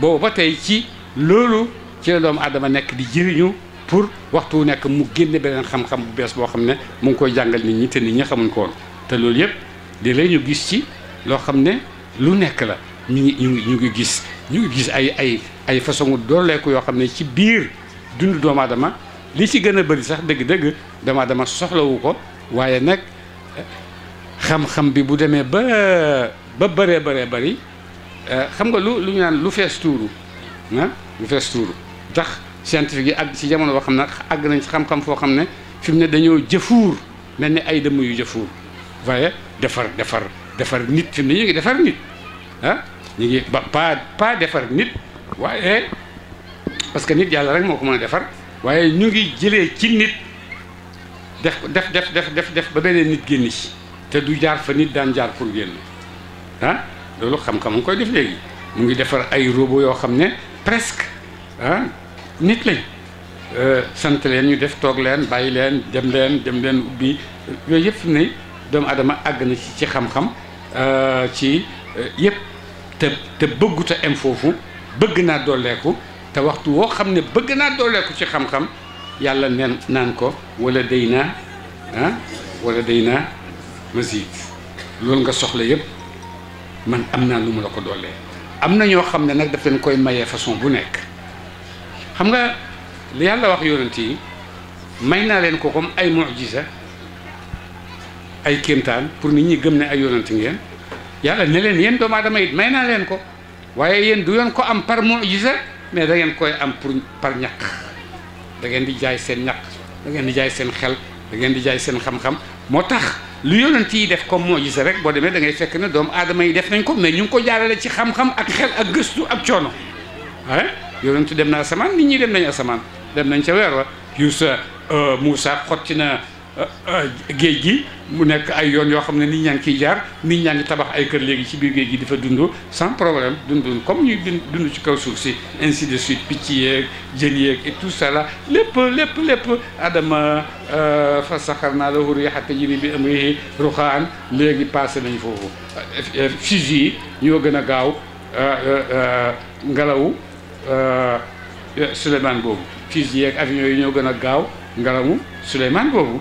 boobu ba tey ci loolu ci la doomu aadama nekk di jëriñu pour waxtu wu nekk mu génn beneen xam-xam bu bees boo xam ne mu ngi koy jàngal nit ñi te nit ñi xamuñ ko woon te loolu yëpp léeg-léeg ñu gis ci loo xam ne lu nekk la ñu ngi ñu ngi gis ñu ngi gis ay ay ay façon dooleeku yoo xam ne ci biir dund doomu li ci gën a bëri sax dëgg-dëgg doomu soxlawu ko waaye nag xam-xam bi bu demee ba ba bëree bëree bëri euh, xam nga lu lu ñu naan lu fees tuuru ah lu fees tuuru tax scientifique yi àgg ci jamono boo xam ne àgg nañ ci xam-xam foo xam ne fi mu ne dañoo jëfuur mel ni ay dëmm yu jëfuur waaye defar defar defar nit fi mu ne ñu ngi defar nit ah, ñu ngi ba paa pas defar nit waaye parce que nit yàlla rek moo ko mën a defar waaye ñu ngi jëlee ci nit def def def def def def ba beneen nit génn ci te du jaar fa nit daan jaar pour génn ah loolu xam-xam nga koy def léegi mu ngi defar ay robot yoo xam ne presque ah nit lañ euh, sant leen ñu def toog leen bàyyi leen dem leen dem leen ubbi yooyu yëpp fi doomu adama àgg na ci ci xam-xam euh, ci euh, yëpp te te bëggut a foofu bëgg naa dooleeku te waxtu woo xam ne bëgg naa dooleeku ci xam-xam yàlla neen naan ko wala dey naa ah wala day naa masid loolu nga soxla yëpp man am naa lu mu la ko doolee am na ñoo xam ne nag daf leen koy mayee façon bu nekk xam nga li yàlla wax yonent yi may naa leen ko comme ay mujisa ay kéemtaan pour nit ñi gëm ne ay yonent ngeen yàlla ne leen yéen doomu aadama it may naa leen ko waaye yéen du yoon ko am par mujisa mais da ngeen koy am pour par ñàkk da ngeen di jaay seen ñaq da ngeen di jaay seen xel da ngeen di jaay seen xam-xam moo tax lu yonent yi def comme mujisa rek boo demee da ngay fekk na doomu aadama yi def nañ ko mais ñu ngi ko jaarale ci xam-xam ak xel ak gëstu ak coono ah yonentu dem na asamaan nit ñi dem nañu asamaan dem nañ ca weer wa Yuusa euh, Muusa xotti na euh, euh, géej gi mu nekk ay yoon yoo xam ne nit ñaa ngi ciy jaar nit ñaa ngi tabax ay kër léegi ci biir géej gi dafa dund sans problème dund comme ñuy dund ci kaw suuf si ainsi de suite picc yeeg jën yéeg et tout ça la lépp lépp lépp adama fa saxar naa la hur yaxata jiri bi amrihi ruxaan léegi passé nañ foofu fusi yi ñoo gën a gaaw ngelawu Euh, euh, Souleymane boobu fusil yeeg avion yi ñoo gën a gaaw ngaramu Souleymane boobu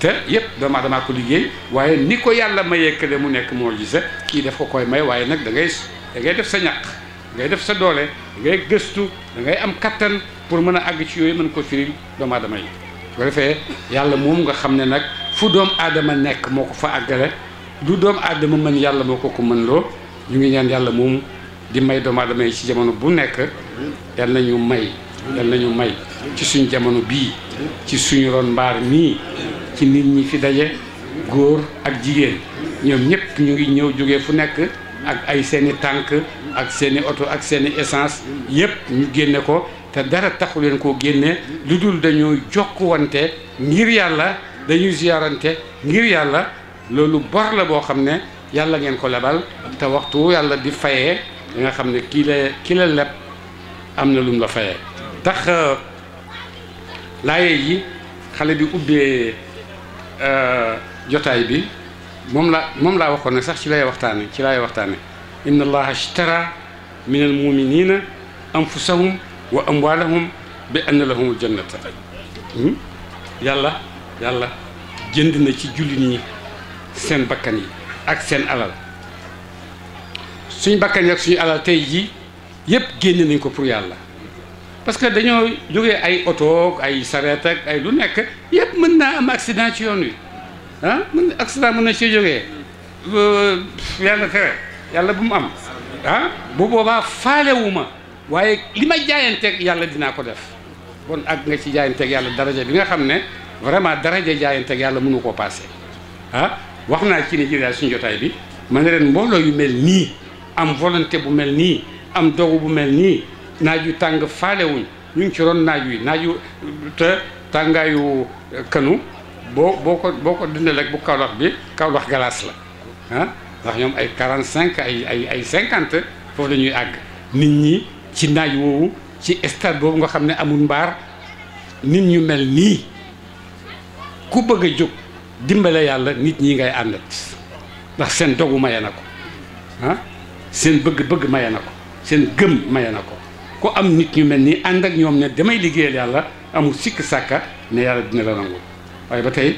te yépp dama damaa ko liggéey waaye ni ko yàlla mayee kële mu nekk moo gise kii def ko koy may waaye nag da ngay da ngay def sa ñaq ngay def sa doole da ngay gëstu da ngay am kattan pour mën a àgg ci yooyu mën ko firil doomu aadama yi bu ko defee yàlla moom nga xam ne nag fu doomu aadama nekk moo ko fa àggale du doomu aadama mën yàlla moo ko ko mën loo ñu ngi ñaan yàlla moom di may doomu aadama yi jamono bu nekk yal nañu may yal nañu may ci suñu jamono bii ci suñu ron mbaar mii ci nit ñi fi daje góor ak jigéen ñoom ñëpp ñu ngi ñëw jóge fu nekk ak ay seeni tànk ak seeni oto ak seeni essence yëpp ñu génne ko te dara taxu leen koo génne lu dul dañoo jokkuwante ngir yàlla dañuy ziyaarante ngir yàlla loolu bor la boo xam ne yàlla ngeen ko lebal te waxtu yàlla di fayee nga xam ne kii la kii la leb amna na lum la fayé tax laaye yi xale bi ubbé euh jotay bi mom la mom la waxone sax ci lay waxtane ci lay waxtane inna allaha ishtara min al muminina anfusahum wa amwalahum bi anna lahum jannata yàlla yàlla jënd na ci jullit sen seen bakkan yi ak sen alal suñu bakkan yi ak suñu alal tay jii yépp génne nañ ko pour yàlla parce que dañoo jógee ay oto ay sareet ak ay lu nekk yépp mën naa am accident ci yoon wi ah mën accident mën na ci jógee euh, yàlla tere yàlla bu mu am ah bu boobaa faalewuma waaye li may jaayanteeg yàlla dinaa ko def bon ak nga ci jaayanteeg yàlla daraja bi nga xam ne vraiment daraja jaayanteeg yàlla mënu koo passé ah, wax naa ci ni jëriñ jotaay bi ma ne mbooloo yu mel nii am volonté bu mel nii am dogu bu mel nii naaj yu tàng faalewuñ ñu ngi ci ron naaj wi naaj yu te tàngaayu eh, kënu boo boo ko boo ko dindal bu Kaolack bi Kaolack galaas la ah, ndax ñoom ay 45 ay ay ay 50 foofu la àgg nit ñi ci naaj woowu ci stade boobu nga xam ne amul mbaar nit ñu mel nii ku bëgg a jóg dimbale yàlla nit ñi ngay àndat ndax seen dogu maye na ko ah, seen bëgg-bëgg maye na ko seen gëm maye na ko ko am nit ñu mel ni ànd ak ñoom ne damay liggéeyal yàlla amul sikk sàkka ne yàlla dina la nangu waaye ba tey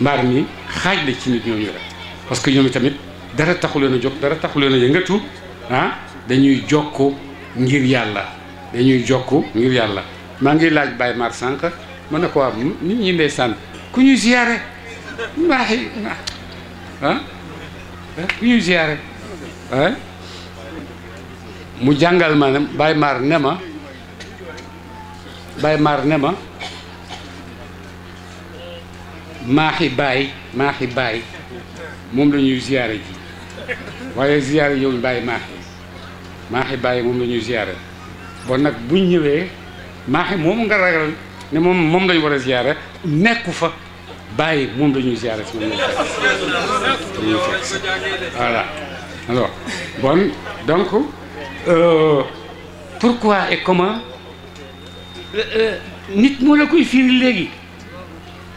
mbaar mi xaaj la ci nit ñooñu rek parce que ñoom tamit dara taxu leen a jóg dara taxu leen a yëngatu ah dañuy jokk ngir yàlla dañuy jokk ngir yàlla maa ngi laaj Baye Mar sànq mën na ko waa nit ñi ndeysaan ku ñuy ziyaare waaxi ah, ah ku ñuy ziyaare ah, mu jàngal ma ne Baye Mar ne ma Baye Mar ne ma maaxi baay maaxi baay moom la ñuy ziyaare ji waaye ziyaare yow bàyyi maaxi maaxi baay moom la ñuy ziyaare bon nag buñ ñëwee maaxi moom nga ragal ne moom moom lañu war a ziyaare nekku fa bàyyi moom la ñuy ziyaare si moom lañu fekk voilà bon donc euh, pourquoi et comment euh, euh, nit moo la koy firi léegi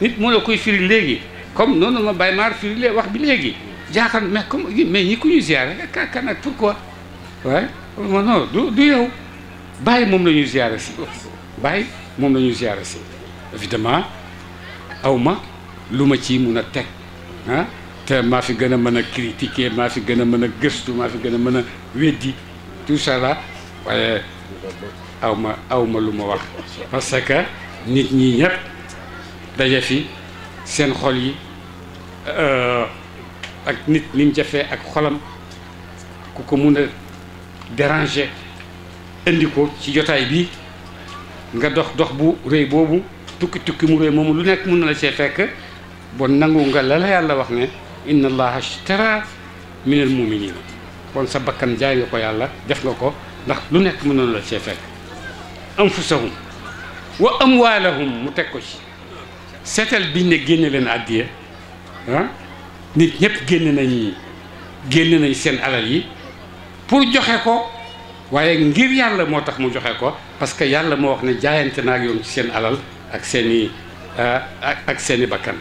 nit moo la koy firi léegi comme noonu ma Baye Mar firi wax bi léegi jaaxal mais comme mais ñi ku ñu ziare kan pourquoi waaye non du du yow Baye mom lañu ziaré ziare si Baye moom la ñuy si évidemment awma luma ci mun a hein ah te maa fi gëna mëna critiquer ma fi gëna mëna mën a gëstu maa fi gëna mëna mën tout ça waaye aw ma aw ma lu ma wax parce que nit ñi ñëpp dajafi seen xol yi euh, ak nit ni jafe ak xolam ku ko mun a déranger indi ko ci jotaay bi nga dox dox bu rëy boobu tukki tukki mu rëy moomu lu nekk mun na la see fekk bon nangu nga la la yàlla wax ne inna allaha ashtara min al muminina kon sa bakkan jaay nga ko yàlla def nga ko ndax lu nekk mënoon la cee fekk anfusahum wa amwaalahum mu teg ko ci seetal biñ ne génne leen àddiya ah nit ñëpp génn nañu génn nañ seen alal yi pour joxe ko waaye ngir yàlla moo tax mu joxe ko parce que yàlla moo wax ne jaayante naa ak yoon ci seen alal ak seeni i ah, ak seen i bakkan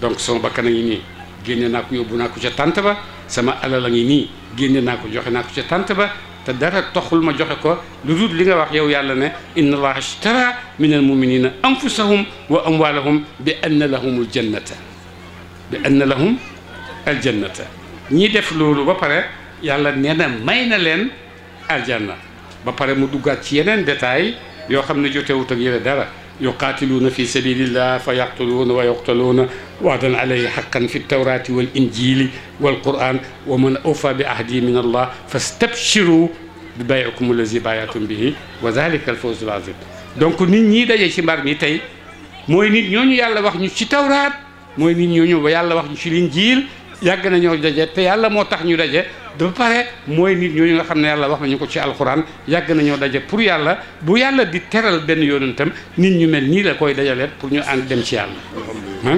donc sama bakkan a ngi nii génne naa ko yóbbu naa ko ca tànt ba sama alal a ngi nii génne naa ko joxe naa ko ci tant ba te dara toxul ma joxe ko lu dul li nga wax yow yàlla ne inna allaha ashtara min almuminina anfusahum wa amwalahum bi anna lahum aljannata bi anna lahum aljannata ñi def loolu ba pare yàlla nee na may na leen ba pare mu duggaat ci yeneen détail yoo xam ne jotewut ak yële dara يقاتلون في سبيل الله فيقتلون ويقتلون وعدا عليه حقا في التوراة والإنجيل والقرآن ومن أوفى بعهده من الله فاستبشروا ببيعكم الذي بايعتم به وذلك الفوز العظيم دونك nit ني داجي سي mbar تاي موي نيت nit يالا واخ ني سي تورات موي نيت nit يالا واخ ني سي الانجيل yàgg nañoo daje te yàlla moo tax ñu daje ba pare mooy nit ñooñu nga xam ne yàlla wax na ñu ko ci alxuraan yàgg nañoo daje pour yàlla bu yàlla di teral benn yonentam nit ñu mel nii la koy dajaleet pour ñu ànd dem ci yàlla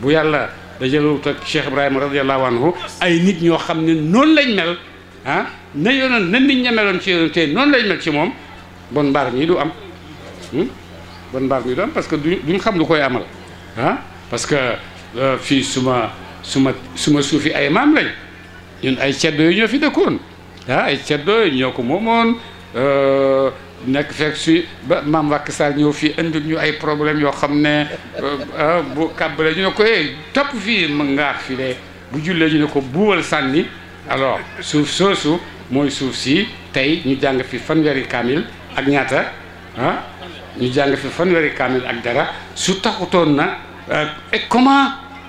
bu yàlla dajalewut ak Cheikh Ibrahima radiallahu anhu ay nit ñoo xam ne noonu lañ mel ah na yonoon na nit ña meloon ci yonoon te noonu lañ mel ci moom bon mbaar ñii du am bon mbaar ñii du am parce que du duñ xam lu koy amal ah parce que euh, fii suma su ma su ma suufi ay maam lañ ñun ay ceddo yi ñoo fi dëkkoon ah ay ceddo yi ñoo ko moomoon euh, nekk fekk si ba maam Wàkk Sarr ñëw fii indil ñu ay problème yoo xam ne euh, ah, bu kàbbale ñu ne ko eh topp fii ma ngaax fi de bu jullee ñu ne ko buuwal sànni alors suuf soosu mooy suuf si tey ñu jàng fi fanweeri kaamil ak ñaata ah, ñu jàng fi fanweeri kaamil ak dara su taxutoon na euh, et comment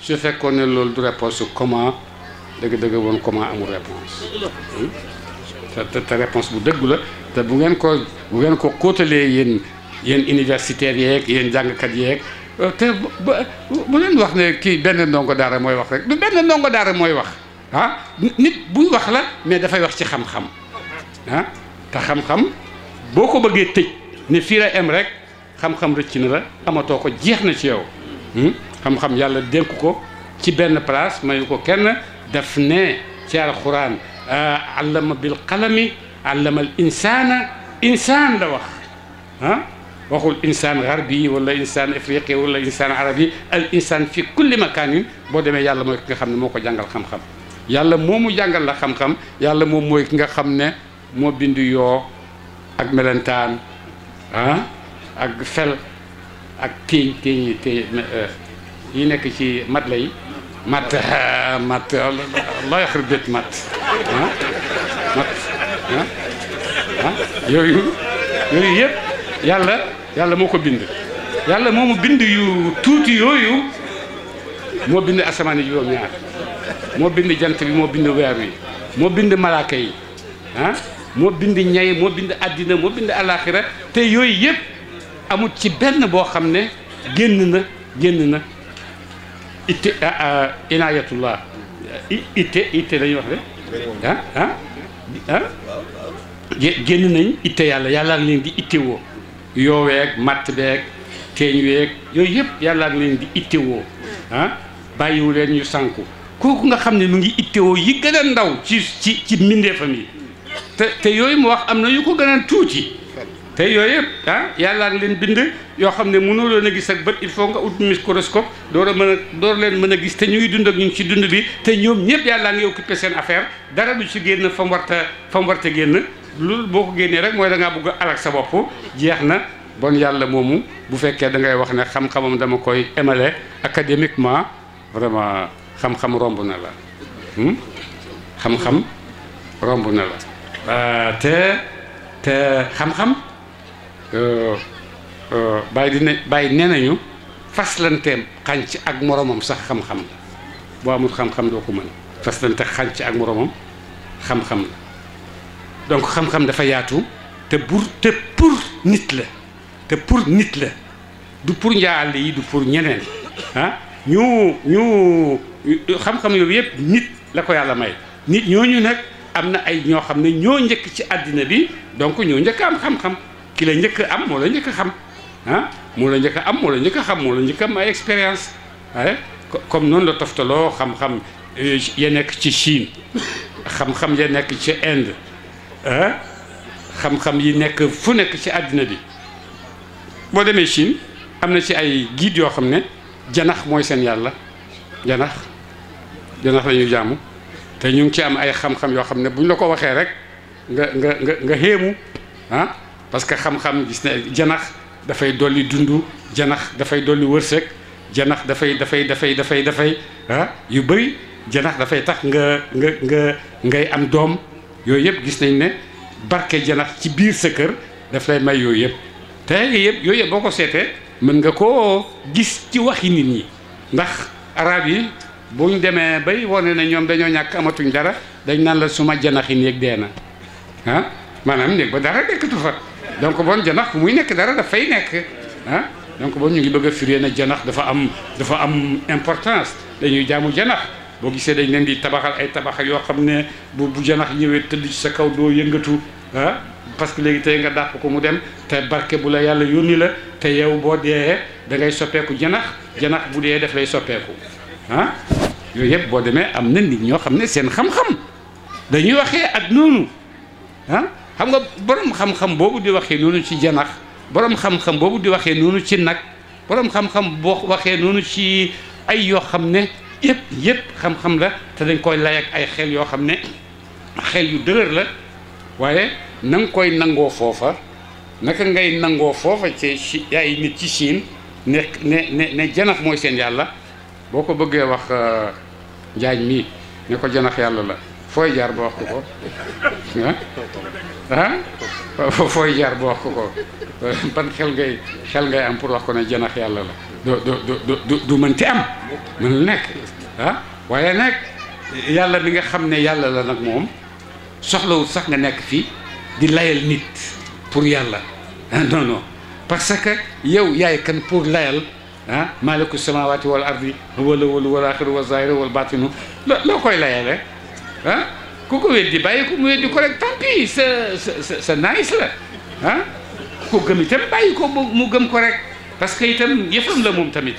su fekkoon ne loolu du réponse comment dëgg-dëgg woon comment amul réponse hmm? te te réponse bu dëgg la te bu ngeen ko bu ngeen ko kóotalee yéen yéen universitaires yeeg yéen jàngkat yeeg euh, te ba bu leen wax ne kii benn ndongo daara mooy wax rek du benn ndongo daara mooy wax ah nit buy wax la mais dafay wax ci xam-xam ah, te xam-xam boo ko bëggee tëj ne fii la rek xam-xam rëcc na la amatoo ko jeex na ci yow hmm? xam-xam yàlla dénk ko ci ben place mayu ko kenn daf ne ci alquran allama bil qalami allama al insana insan la wax ha waxul insan gharbi wala insan afriqi wala insan arabi al insan fi kulli makan bo deme yàlla moy ki nga xamne moko jàngal xam-xam yàlla momu jàngal la xam-xam yàlla mom moy ki nga xamne mo bindu yo ak melentane ha ak fel ak téeñ téeñ téeñ yi nekk ci mat la yi mat mat loo yaxar mat ah, mat ah, ah, yooyu yooyu yëpp yàlla yàlla moo ko bind yàlla moomu bind yu tuuti yooyu moo bind asamaan yi juróom-ñaar moo bind jant bi moo bind weer wi moo bind malaaka yi moo bind ñay moo bind àddina moo bind alaaxira te yooyu yëpp amul ci benn boo xam ne génn na génn na itte ah, ah, inaayatullah itte itte lañuy wax de ah ah ah génn nañ itte yàlla yàllaa ngi leen di itte woo yooweeg matt beeg teeñ weeg yooyu yëpp yàllaa ngi leen di itte woo ah bàyyiwu leen ñu sànku kooku nga xam ne mu ngi itte woo yi gën a ndaw ci ci ci mbindeefam yi te te yooyu mu wax am na yu ko gën a tuuti te yooyu yëpp ah yàllaa ngi leen bind yoo xam ne mënoo leen a gis ak bët il faut nga ut microscope door a mën a door leen gis te ñu dund ak ñu ci dund bi te ñoom ñëpp yàllaa ngi occupé seen affaire dara du ci génn fa mu warta fa mu warta génn loolu boo ko rek mooy da ngaa bëgg alak sa bopp jeex bon yàlla moomu bu fekkee da ngay wax ne xam-xamam dama koy émale académiquement vraiment xam-xam romb na la hmm? xam-xam romb na la euh, te te xam-xam Euh, euh, bàyyi dina bàyyi ne nañu faslanteem xànc ak moroomam sax xam-xam la boo amul xam-xam doo ko mën faslante xànc ak moromam xam-xam la donc xam-xam dafa yaatu te pour te pour nit la te pour nit la du pour njaal yi du pour ñeneen ah ñu ñu xam-xam yooyu yëpp nit la ko yàlla may nit ñooñu nag am na ay ñoo xam ne ñoo njëkk ci àddina bi donc ñoo njëkk am xam-xam ki la njëkk am moo la njëkk a xam ah moo la njëkk am moo la njëkk xam moo la am ay expérience waaye eh, comme noonu la toftaloo xam-xam eh, ya nekk ci Chine xam-xam ya nekk ci Inde eh, xam-xam yi nekk fu nekk ci àddina bi boo demee Chine am na ci ay guide yoo xam ne janax mooy seen yàlla janax janax la ñuy te ñu ngi ci am ay xam-xam yoo xam ne bu ñu la ko waxee rek nga nga nga nga xéemu ah. parce que xam-xam gis na janax fay doli dundu janax fay doli wërsëg janax fay da fay da fay ah yu bari janax fay tax nga nga nga ngay am dom yoy yeb gis nañ ne barke janax ci biir sa kër da fay may yoy yeb tay yëpp yooyu yëpp boo nga ko gis ci waxi nit ñi ndax arab yi buñ démé bay woné na ñom dañu ñak amatuñ dara dañ nan la suma janaxi néeg dee ha ah maanaam ba dara tu fa donc bon janax fu muy nekk dara dafay nekk ah donc bon ñu ngi bëgg a na janax dafa am dafa am importance dañuy jaamu janax boo gisee dañ leen di tabaxal ay tabaxal yoo xam ne bu bu janax ñëwee tëdd ci sa kaw doo yëngatu ah parce que léegi tey nga dàq ko mu dem te barke bu la yàlla yónni la te yow boo dee da ngay soppeeku janax janax bu dee daf lay soppeeku ah yooyu yëpp boo demee am na nit ñoo xam ne seen xam-xam dañuy waxee at noonu ah. xam nga boroom xam-xam boobu di waxee noonu ci janax boroom xam-xam boobu di waxee noonu ci nag boroom xam-xam boo waxee noonu ci ay yoo xam ne yëpp yëpp xam-xam la te dañ koy lay ak ay xel yoo xam ne xel yu dëgër la waaye nanga koy nangoo foofa naka ngay nangoo foofa ci ay nit ci siin ne ne ne janax mooy seen yàlla boo ko bëggee wax euh, njaañ mii ne ko janax yàlla la fooy jaar ba wax ko ko ah ah fooy jaar ba wax ko ko ban xel ngay xel ngay am pour wax ko ne janax yàlla la do do do du mënti am mënul nekk ah waaye nag yàlla bi nga xam ne yàlla la nag moom soxlawul sax nga nekk fii di layal nit pour yàlla non non parce que yow yaay kan pour layal ah maaliku samawati wal ardi huwa lawul wal axiru wa zahiru wal batinu loo koy layalee ah ku ko weddi bàyyi ko mu weddi ko rek tant pis sa sa sa nice la ah ku gëm itam bàyyi ko mu gëm ko rek parce que itam yëfam la moom tamit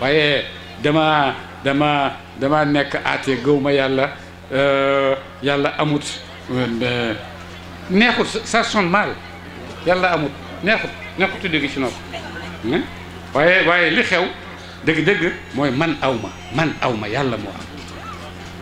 waaye dama dama dama nekk aate gëw ma yàlla euh, yàlla amut neexut sa sonne mal yàlla amut neexut neexutu dégg ci nopp waaye waaye li xew dëgg-dëgg mooy man awma man aw ma yàlla moo am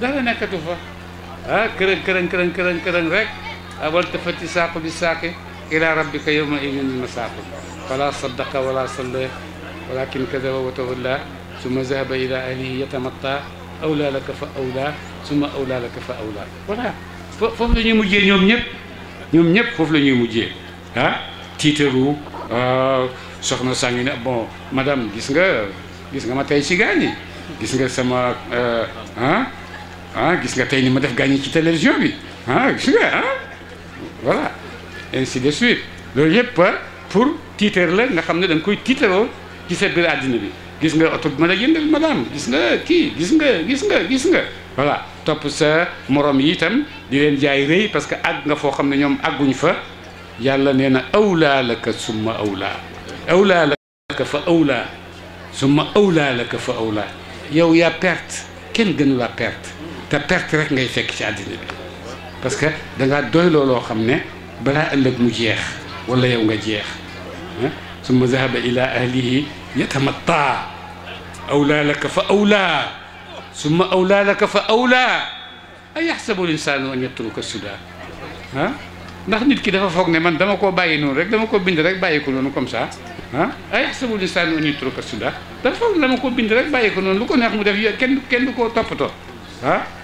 dara nekkatu fa ah kërën kërën kërën kërën kërën rek waltafati saaqu bi saaqi ila rabbika yawma idin masaaqu fala saddaqa wala salla walakin kadaba wa tawalla summa zahaba ila ahlihi yatamatta awla laka fa awla summa awla laka fa awla voilà foofu la mujjee ñoom ñëpp ñoom ñëpp foofu la ñuy mujjee ah tiitaru euh, soxna sàngi ne bon madame gis nga gis nga ma tey ci gaañi gis nga sama euh, ah gis nga tey ni ma def gagné ci télévision bi ah gis nga ah voilà ainsi de suite loolu yëpp ah, pour tiiter la nga xam ne da koy tiiteroo ci sa biir àddina bi gis nga oto bi ma la yëndal madame gis nga kii gis nga gis nga gis nga voilà topp sa morom yi itam di leen jaay rëy parce que àgg nga foo xam ne ñoom àgguñ fa yàlla nee na awlaa laka summa awlaa awlaa laka fa awlaa summa awlaa laka fa awlaa yow yaa perte kenn gënu la perte ta perte rek ngay fekk ci adina bi parce que da nga doy lo lo xamne bala ëlëk mu jeex wala yow nga jeex summa zahaba ila ahlihi yatamatta awla lak fa awla summa awla lak fa awla ay yaxsabu linsaanu an yatruka suda ha ndax nit ki dafa foog ne man dama ko bàyyi noonu rek dama ko bind rek bàyyi ko noonu comme ça ah ay yaxsabu ñu an yatruka suda dafa foog dama ko bind rek bàyyi ko noonu lu ko neex mu def kenn kenn du koo toppatoo ah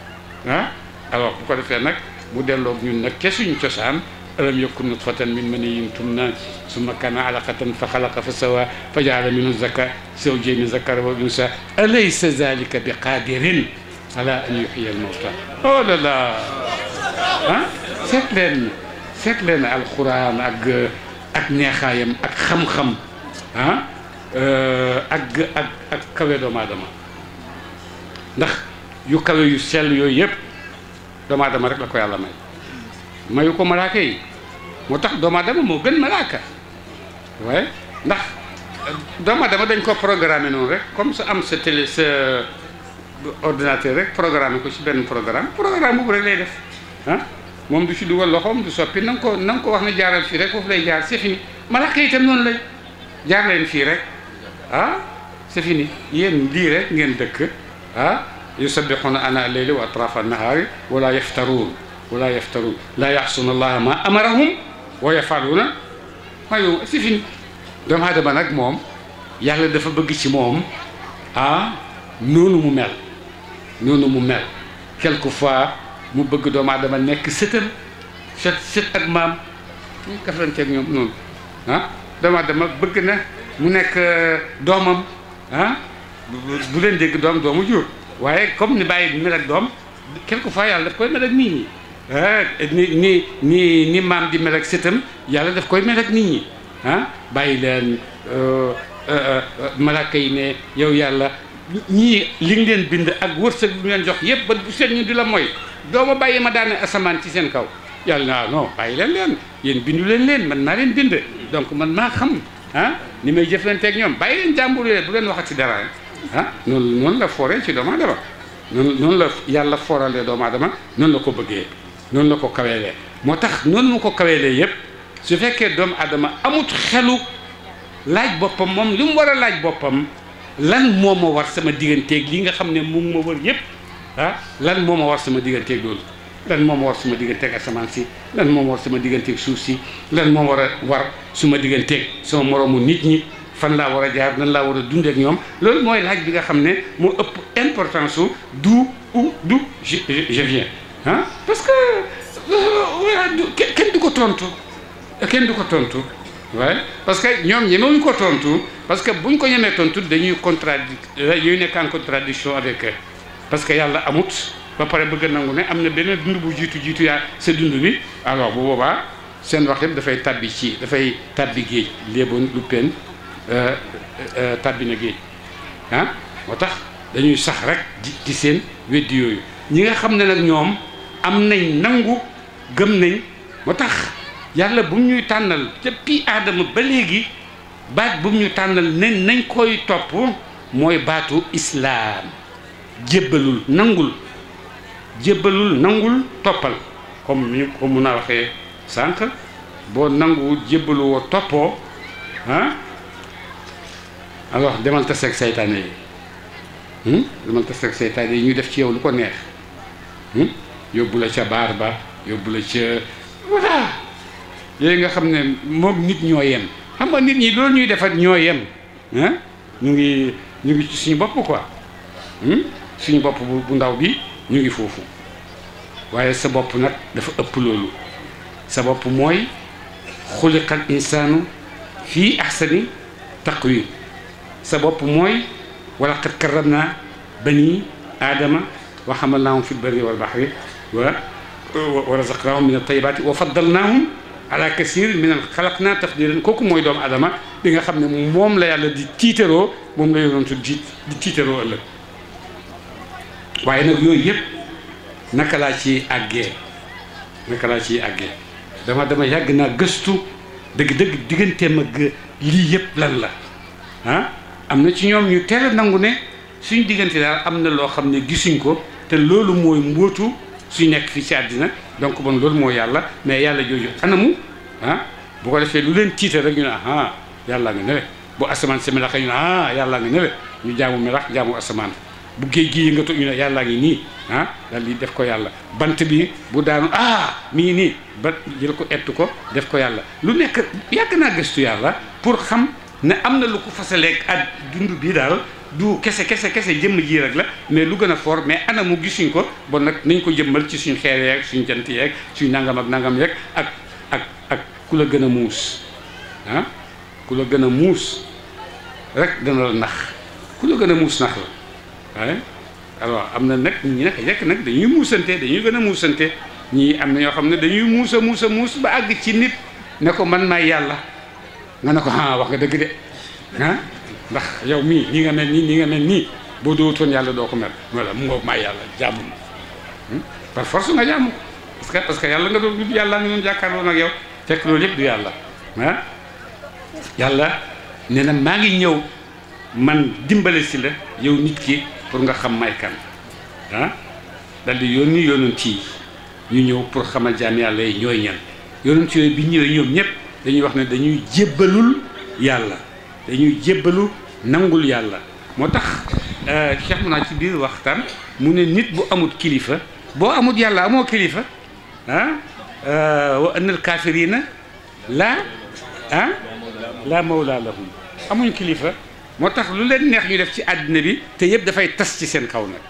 ah alors bu ko defee nag bu delloog ñun nag ke suñu cosaan alam yakun nutfatan min maniyyin yumna summa kana alaqatan fa xalaqa fa sawa fa jaala minhu zaka zawjayni zakara wa unsa alaysa zalika bi qadirin ala an yuhyiya al mawta oh là là ah seet leen seet leen alxuraan ak ak neexaayam ak xam-xam ah ak ak ak kawe doomu aadama ndax yu kawe yu sell yooyu yëpp doomu rek la ko yàlla may mayu ko malaaka yi moo tax doomu moo gën malaaka waaye ndax euh, doomu aadama dañ ko programme noonu rek comme sa am sa télé sa ordinateur rek programmer ko ci benn programme programme boobu rek lay def ah moom du si dugal loxoom du soppi na ko na ko wax na jaaral fii rek foofu lay jaar c'est fini malaaka yi itam noonu lay jaar fii rek ah c'est fini yéen lii rek ngeen dëkk ah, يسبحون أنا الليل وأطراف النهار ولا يفترون ولا يفترون لا يحصون الله ما أمرهم ويفعلون ما يوم سيفين دم هذا بنك موم يهل دفع بقيت موم ها نون ممل نون ممل كل كفا مو بقي دم هذا بنك ستر ست ست أجمام كفرن تيم نون ها دم هذا بنك بقينا منك دومم ها بلين ديك دوم دوم يجور waaye comme ni bàyyi bi mel ak doom quelquefois yàlla daf koy mel nit ñi ah, ni ni ni ni maam di mel ak yàlla daf koy mel ak nit ñi ah, bàyyi leen euh, euh, euh, malaaka yi ne yow yàlla ñii li nga leen bind ak wërsëg lu leen jox yëpp ba bu seen ñu di la mooy dooma bàyyi ma daane asamaan ci seen kaw yàlla na ah, non bàyyi leen leen yéen bindu leen leen man maa leen bind donc man maa xam ah ni may jëflanteeg ñoom bàyyi leen jàmbur leen bu leen waxati dara Ah, noonu noonu la foree ci doomu aadama noonu la yàlla fooralee doomu adama noonu la ko bëggee noonu la ko kaweelee moo tax noonu ma ko kaweelee yépp su fekkee doomu aadama amut xelu laaj boppam moom li mu war a laaj boppam lan moo ma war sama digganteeg li nga xam ne mu ma wër yépp ah, lan moo ma war sama digganteeg loolu lan moo ma war sama digganteeg asamaan si lan moo ma war sama digganteek suuf si lan moo ma war a war suma digganteeg sama moroomu nit ñi fan la wara jaar nan la wara dundé ak ñom loolu moy laaj bi nga xamné mo moo ëpp importance du ou du je viens hein parce que euh, kenn du ko tontu ken du ko tontu waaye parce que ñom ñemewuñ ko tontu parce que buñ ko ñemee tontu dañuy contradic euh, ñuy nekk en contradiction avec eux parce que yalla amut ba pare bëgg nangu ne am na beneen dund bu jitu jitu ya sa dund bi alors bu boba seen wax da fay tabbi ci da dafay tabbi géej léeboon lu pen Euh, euh, tàbbi na géej ah, moo tax dañuy sax rek ci seen weddi yooyu ñi nga xam ne nag ñoom am nañ nangu gëm nañ moo tax yàlla bu mu ñuy tànnal depuis aadama ba léegi baat bu mu ñu tànnal ne nañ koy topp mooy baatu islaam jébbalul nangul jébbalul nangul toppal comme ni ko mun a waxee sànq boo nangu jébbalu woo toppoo ah, am ah wax demal taseeg seytaane yi hmm? demal taseeg seytaane yi ñu def ci yow lu ko neex hmm? yóbbu la ca baar ba yóbbu la ca voilà yooyu nga xam ne moom nit ñoo yem xam nga nit ñi loolu ñuy defar ñoo yem ñu ngi ñu ci suñu bopp quoi hmm? suñu bopp bu ndaw bi ñu ngi foofu waaye sa bopp nag dafa ëpp loolu sa bopp mooy xuliqal insaanu fii ahsani taqwim سبب موي ولقد كرمنا بني ادم وحملناهم في البر والبحر و ورزقناهم من الطيبات وفضلناهم على كثير من خلقنا تفضيلا كوكو موي دوم ادم ديغا خامني موم لا يالا دي تيترو موم لا يونت دي تيترو الا واي نك يوي ييب نك لا سي اگيه نك لا سي اگيه دما دما يغنا گستو دغ دغ ديغنتي مك لي ييب لان لا ها am na ci ñoom ñu teel nangu ne suñ diggante daal am na loo xam ne gisuñ ko te loolu mooy mbóotu suñ nekk fii ci àddina donc bon loolu moo yàlla mais yàlla jooju anamu ah bu ko defee lu leen tiital rek ñu ne ah yàllaa nga nele bu asamaan si melax ñu ne ah yàllaa nga nele ñu jaamu melax jaamu asamaan bu géej gi yëngatu ñu ne yàllaa ngi nii ah daal di def ko yàlla bant bi bu daanu ah mi ngi nii ba jël ko ettu ko def ko yàlla lu nekk yàgg naa gëstu yàlla pour ne am na lu ko fasaleeg ak dund bii daal du kese kese kese jëmm ji rek la mais lu gën a foor mais ana mu gisuñ ko bon nag nañ ko jëmmal ci suñ xeer yeeg suñ jant yeeg suñ nangam ak nangam yeeg ak ak ak ku la gën a muus ah ku la gën a muus rek dana la nax ku la gën a muus nax la waaye alors am na nag ñi nekk yekk nag dañuy muusante dañuy gën a muusante ñii am na ñoo xam ne dañuy muus a muus a muus ba àgg ci nit ne ko man maay yàlla nga ne ko ah wax nga dëgg de ah ndax yow mii nii nga mel nii nii nga mel nii boo dootoon yàlla doo ko mel voilà mu ngoog maa yàlla jàmm na par force nga jàmm ko parce que parce que yàlla nga doon yàlla nga doon jàkkaarloo ak yow fekk loolu yëpp yàlla ah yàlla ne na maa ngi ñëw man dimbale si la yow nit ki pour nga xam may kan ah dal di yónni yonent yi ñu ñëw pour xamal jaam yàlla yi ñooy ñan yonent yooyu bi ñëwee ñoom ñëpp dañuy wax ne dañuy jébbalul yàlla dañuy jébbalu nangul yàlla moo tax cheikh naa ci biir waxtaan mu ne nit bu amut kilifa boo amut yàlla amoo kilifa ah wa annal kaafirina la ah la mawla lahum amuñ kilifa moo tax lu leen neex ñu def ci àddina bi te yëpp dafay tas ci seen kaw nag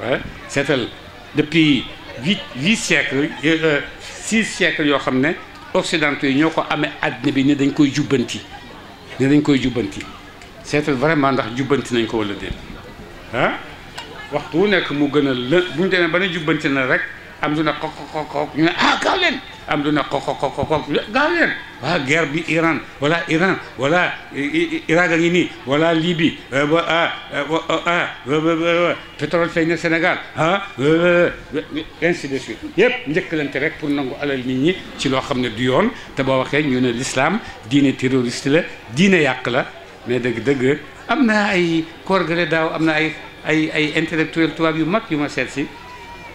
waa seetal depuis huit huit siècles six siècles yoo xam ne occidentaux yi ñoo ko amee àddina bi ne dañ koy jubbanti ne dañ koy jubbanti seetal vraiment ndax jubbanti nañ ko wala déet ah waxtu wu nekk mu gën a lë bu ñu demee ba ne jubbanti na rek. am du na xok xok xok ñu ne ah gaaw leen am du na xok xok xok gaaw leen waa guerre bi Iran wala Iran wala Irak a ngi nii wala Libye pétrole feeñ na Sénégal ah ainsi de suite yëpp njëkkalante rek pour nangu alal nit ñi ci loo xam ne du yoon te boo waxee ñu ne l'islam diine terroriste la diine yàq la mais dëgg-dëgg am na ay koorgale daaw am na ay ay ay intellectuel tubaab yu mag yu ma seet si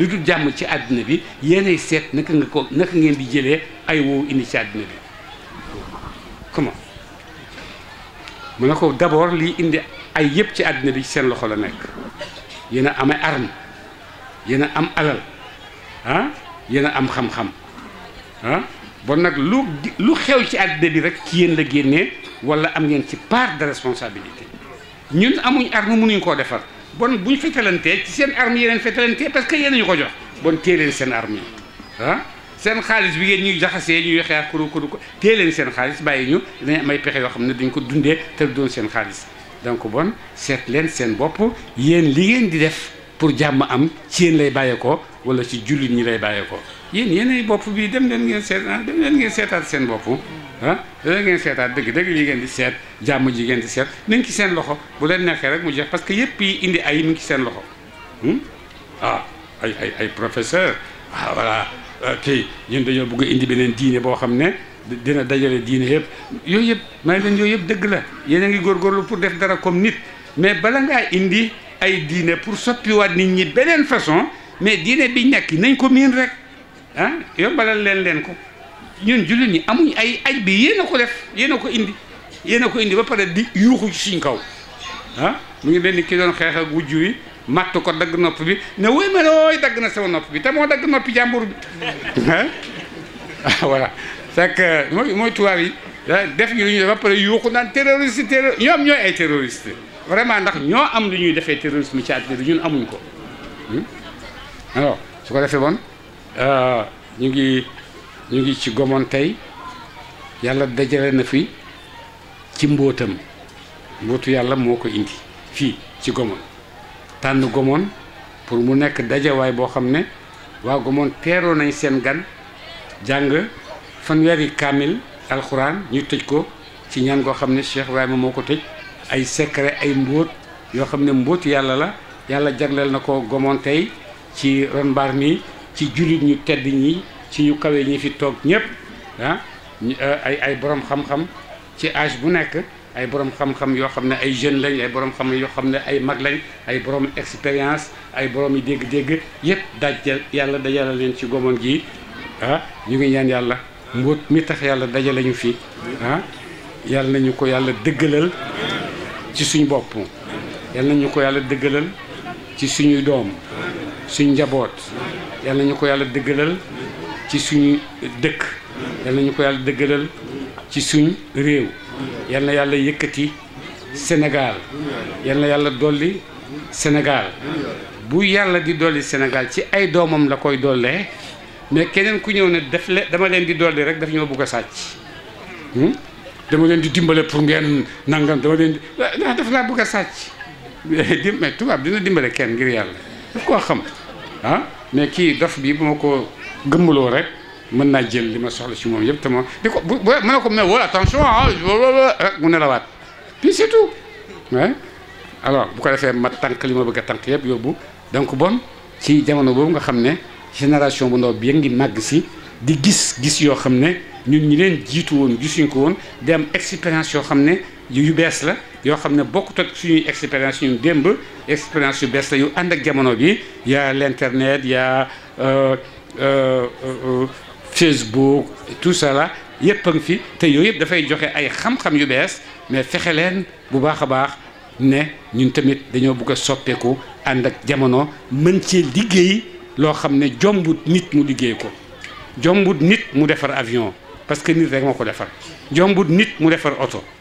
lu dul jàmm ci àddina bi ay seet naka nga ko naka ngeen di jëlee ay woowu indi ci àddina bi comment mu ne ko d'abord lii indi ay yëpp ci àddina bi ci seen loxo la nekk yéen a amee arme yéen a am alal ah yéen a am xam-xam ah. bon nag lu lu xew ci àddina bi rek ki yéen la génne wala am ngeen ci part de responsabilité ñun amuñ arme mënuñ koo defar bon bu ñu fetalantee ci seen armes yi leen fetalantee parce que yéen ñu ko jox bon téye leen seen armes ah seen xaalis bi ngeen ñuy jaxasee ñuy xeex kuru kuru ko téye leen seen xaalis bàyyi ñu dañ am ay pexe yoo xam ne dañ ko dundee te doon seen xaalis donc bon seet leen seen bopp yéen li ngeen di def pour jàmm am ci yéen lay bàyyeekoo wala ci jullit ñi lay bàyyeekoo yéen yéenay bopp bi dem leen ngeen seet ah, dem leen ngeen seetaat seen bopp mm. ah da ngeen seetaat dëgg dëgg li ngeen di seet jàmm ji ngeen di seet ci seen loxo bu leen neexee rek mu jeex que yëpp yi indi ay ngi ci seen loxo hmm? ah ay ay ay professeur ah voilà ah, kii ñun dañoo bëgg indi beneen diine boo xam ne dina dajale diine yëpp yooyu yëpp may leen yooyu yëpp dëgg la yéen a ngi góorgóorlu pour def dara comme nit mais bala ngaa indi ay diine pour soppiwaat nit ñi beneen façon mais diine biñ nekk yi nañ ko miin rek ah yombalal leen leen ko ñun jullit ñi amuñ ay aj bi yéen a ko def yéen ko indi yéen a ko indi ba pare di yuuxu ci suñ kaw ah mu ngi mel ni ki doon xeex ak wujj wi ko dagg nopp bi ne woy ma looy dagg na sama nopp bi te moo dagg noppi jàmbur bi ah. ah voilà c'est que euh, mooy mooy tubaab yi def ñu lu ñuy def ba pare yuuxu naan terroriste terror ñoom ñooy ay terroriste vraiment ndax ñoo am lu ñuy defee terrorisme ci àddina bi ñun amuñ ko hmm. alors su ko defee bon euh, ñu ngi ñu ngi ci gomoon tey yàlla dajale na fi ci mbóotam mbóotu yàlla moo ko indi fii ci gomoon tànn gomoon pour mu nekk dajawaay boo xam ne waa gomoon teeroo nañ seen gan jàng fanweeri kaamil alxuraan ñu tëj ko ci ñaan goo xam ne Cheikh Ibrahima moo ko tëj ay secret ay mbóot yoo xam ne mbóotu yàlla la yàlla jagleel na ko gomoon tey ci ron mbaar mi ci jullit ñu tedd ñi ci ñu kawe ñi fi toog ñëpp ah euh, ay ay borom xam-xam ci âge bu nekk ay borom xam-xam yoo xam ne ay jeunes lañ ay borom xam yoo xam ne ay mag lañ ay borom expérience ay borom yi dégg-dégg yëpp daj yàlla dajale leen ci gomoon gi ah ñu ngi ñaan yàlla mbóot mi tax yàlla dajale ñu fi ah yàlla nañu ko yàlla dëggalal ci suñu bopp yàlla nañu ko yàlla dëggalal ci suñuy doom suñ njaboot yal nañu ko yàlla dëggalal ci suñu dëkk nañu ko yàlla dëggalal ci suñ réew yal na yàlla yëkkati Sénégal yal na yàlla dolli Sénégal bu yàlla di dolli Sénégal ci ay doomam la koy dollee mais keneen ku ñëw ne daf le dama leen di dolli rek daf ñoo bugg a sàcc hmm? dama leen di dimbale pour ngeen nangam dama leen di daf laa bugg a sàcc mais tubaab dina dimbale kenn ngir yàlla daf koo xam ah mais kii daf bi bu ma ko rek mën naa jël li ma soxla ci mom yëpp te ma bu mën ko mais voilà attention ah rek mu nelawaat puis c'est tout hein alors bu ko defee ma tank li ma bëgg tank tànk yëpp donc bon ci jamono bobu nga xamné génération bu ndaw bi ya ngi màgg si di gis gis yo xamné ñun ñi leen jiitu woon gisuñu ko won di am expérience yo xamné yu bees la yoo xam ne bokkut ak suñuy expérience ñu démb yu bees la yu ànd ak jamono bi yaa l'internet yaa euh, euh, euh, Facebook tout ça là yëpp a fi te yooyu yëpp dafay joxe ay xam-xam yu bees mais fexe leen bu baax a baax ne ñun tamit dañoo bugg soppeeku ànd ak jamono mën ci liggéey loo xam ne jombut nit mu liggéey ko jombut nit mu defar avion parce que nit rek moo ko defar jombut nit mu defar oto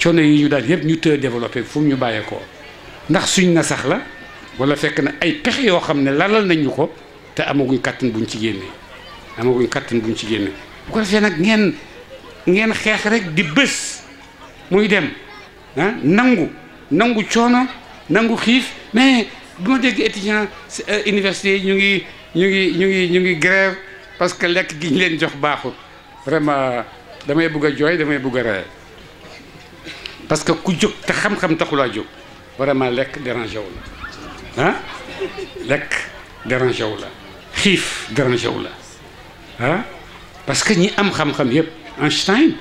coono yi ñu daal yëpp ñu tëë développé fu mu ñu bàyyeekoo ndax suñ na sax la wala fekk na ay pexe yoo xam ne lalal nañ ñu ko te amaguñ kattan buñ ci génnee amaguñ kattan buñ ci génnee bu ko defee nag ngeen ngeen xeex rek di bés muy dem ah, nangu nangu coono nangu xiif mais bu ma dégg étudiant euh, université yi ñu ngi ñu ngi ñu ngi ñu ngi grève parce que lekk gi ñu leen jox baaxul vraiment damay bëgg a jooy damay bëgg a ree parce que ku jóg te xam-xam taxulaa jóg vraiment lekk dérangé wu la ah lekk dérangé wu la xiif dérangé wu la ah parce que ñi am xam-xam yëpp Einstein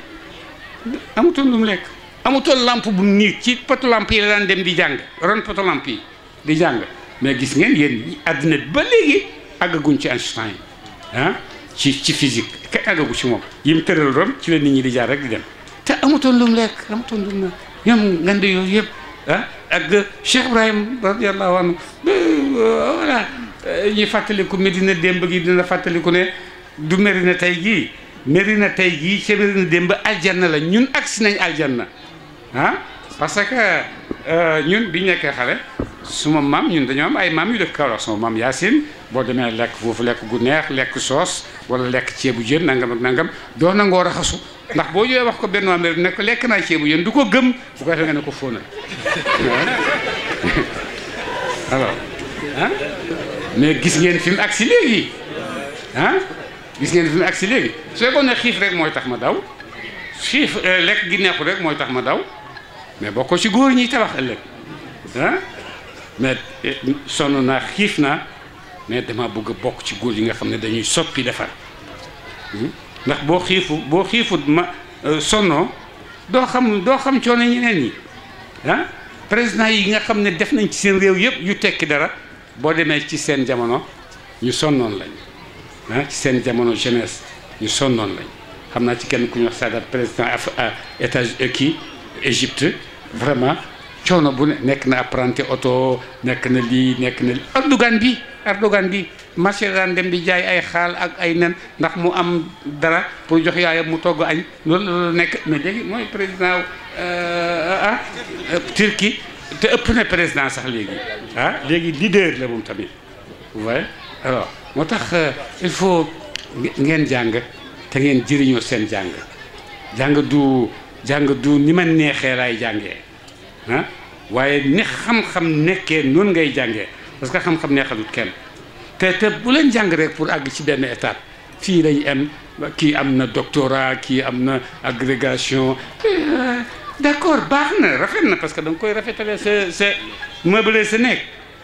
amutoon lu mu lekk amutoon lamp bu mu ci poto lamp yi la daan dem di jàng ron poto yi di jàng mais gis ngeen yéen àddina ba léegi àggaguñ ci Einstein ah ci ci physique ka àggagu ci moom yim tëral ron ci la nit ñi di jaar rek di dem te amutoon lu mu lekk amutoon lu mu lekk ñoom ngande yooyu yëpp ah, ak Cheikh Ibrahim radiallahu anhu euh, voilà euh, ñuy fàttaliku Medina démb gi dina fàttaliku ne du Medina tey gii Medina tey gii ca Medina démb aljanna la ñun agsi nañ aljanna ah. parce que euh, ñun bi nekkee xale suma maam ñun dañoo am ay maam yu dëkk Kaolack suma maam Yacine boo demee lekk foofu lekk gu neex lekk soos wala lekk ceebu jën nangam ak nangam doo nangoo raxasu ndax boo ñëwee wax ko benn waa mel ne lekk naa ceebu jën du ko gëm bu ko defee nga ne ko fóonal alors ah mais gis ngeen fim mu si léegi ah gis ngeen fi mu agsi léegi su fekkoon ne xiif rek mooy tax ma daw xiif euh, lekk gi neexul rek mooy tax ma daw mais boo ci góor ñi tabax ëllëg ah mais eh, sonn naa xiif naa mais dama bëgg a bokk ci góor yi nga xam ne dañuy soppi defar hmm? ndax boo xiifu boo xiifut ma euh, sonnoo doo xam doo xam coono ñeneen ñi ah président yi nga xam ne def nañ ci seen réew yëpp yu tekki dara boo demee ci seen jamono ñu sonnoon lañ ah ci seen jamono jeunesse ñu sonnoon lañ xam naa ci kenn ku ñu wax Sadat président af euh, état euh, kii Égypte vraiment coono bu nekk na apprenti oto nekk na lii nekk na lii Erdogan bi Erdogan bi marché daan dem di jaay ay xaal ak ay nen ndax mu am dara pour jox yaayam mu togg añ loolu nekk mais léegi mooy président euh, ah Turquie te ëpp na président sax léegi ah, léegi leader la moom tamit waaye alors moo tax euh, il faut ngeen jàng te ngeen jëriñoo seen jàng jàng du jàng du ni ma neexee laay jànge ah, waaye ni xam-xam nekkee noonu ngay jànge parce que xam-xam neexalut kenn te te bu leen jàng rek pour àgg ci benn étape fii lañ am kii am na doctorat kii am na agrégation euh, d'accord baax rafet na parce que da koy rafetale sa sa meuble sa nekk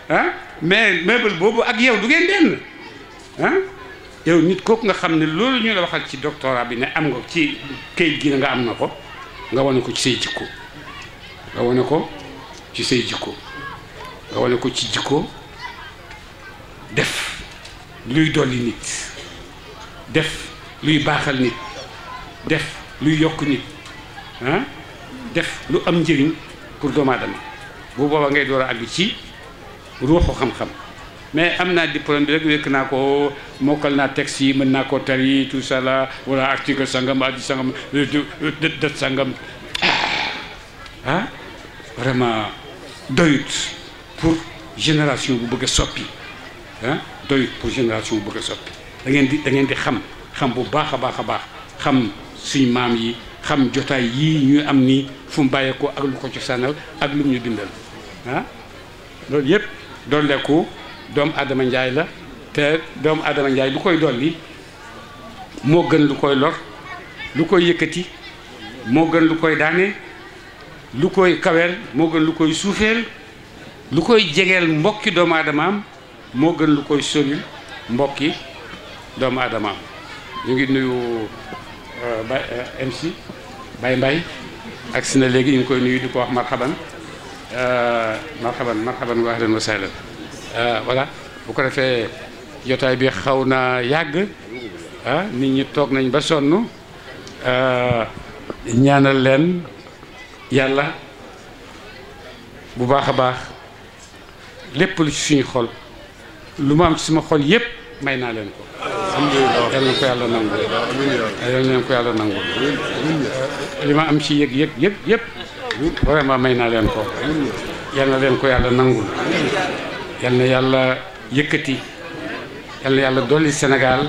ah mais meuble boobu ak yow du ngeen benn ah. yow nit kooku nga xam ne loolu ñu la waxal ci doctorat bi ne am nga ci këyit gi nga am na ko nga wane ko ci say jikko nga wane ko ci say jikko nga wane ko ci jikko def luy dolli nit def luy baaxal nit def luy yokk nit ah def lu am njëriñ pour doomu aadama bu booba ngay door a àgg ci ruuxu xam-xam mais am naa diplôme bi rek wékk naa ko mokkal naa texte yi mën naa ko tari tout ça là wala article sangam addi sangam dët sangam ah, ah vraiment doyut pour génération bu bëgg soppi ah doyut bëgg a soppi da di da ngeen di xam xam bu baax a baax a baax xam suñ maam yi xam jotaay yii ñuy am ni fu mu bàyyeekoo ak lu ko cosaanal ak lu mu ñu bindal ah loolu yëpp dooleeku doomu Adama Njaay la te doomu Adama Njaay lu koy dolli moo gën lu koy lor lu koy yëkkati moo gën lu koy daane lu koy kaweel moo gën lu koy suufeel lu koy jegeel mbokki doomu aadamaam moo gën lu koy soril mbokki doomu aadamaam ñu ngi nuyu ba MC Baye Mbaye agsi na léegi ñu ngi koy nuyu di ko wax marxaban marxaban marxaban wa ahlan wa sahlan Euh, voilà bu ko defee jotaay bi xaw naa yàgg ah, nit ñi toog nañ ba sonn euh, ñaanal leen yàlla bu baax a baax lépp lu ci suñu xol lu ma am ci suma xol yépp may naa leen ko yal na ko yàlla nangu yal ko yàlla nangu li ma am ci yëg yëg yëpp yëpp vraiment may naa leen ko yal na leen ko yàlla nangul yal na yàlla yëkkati yal na yàlla dolli Sénégal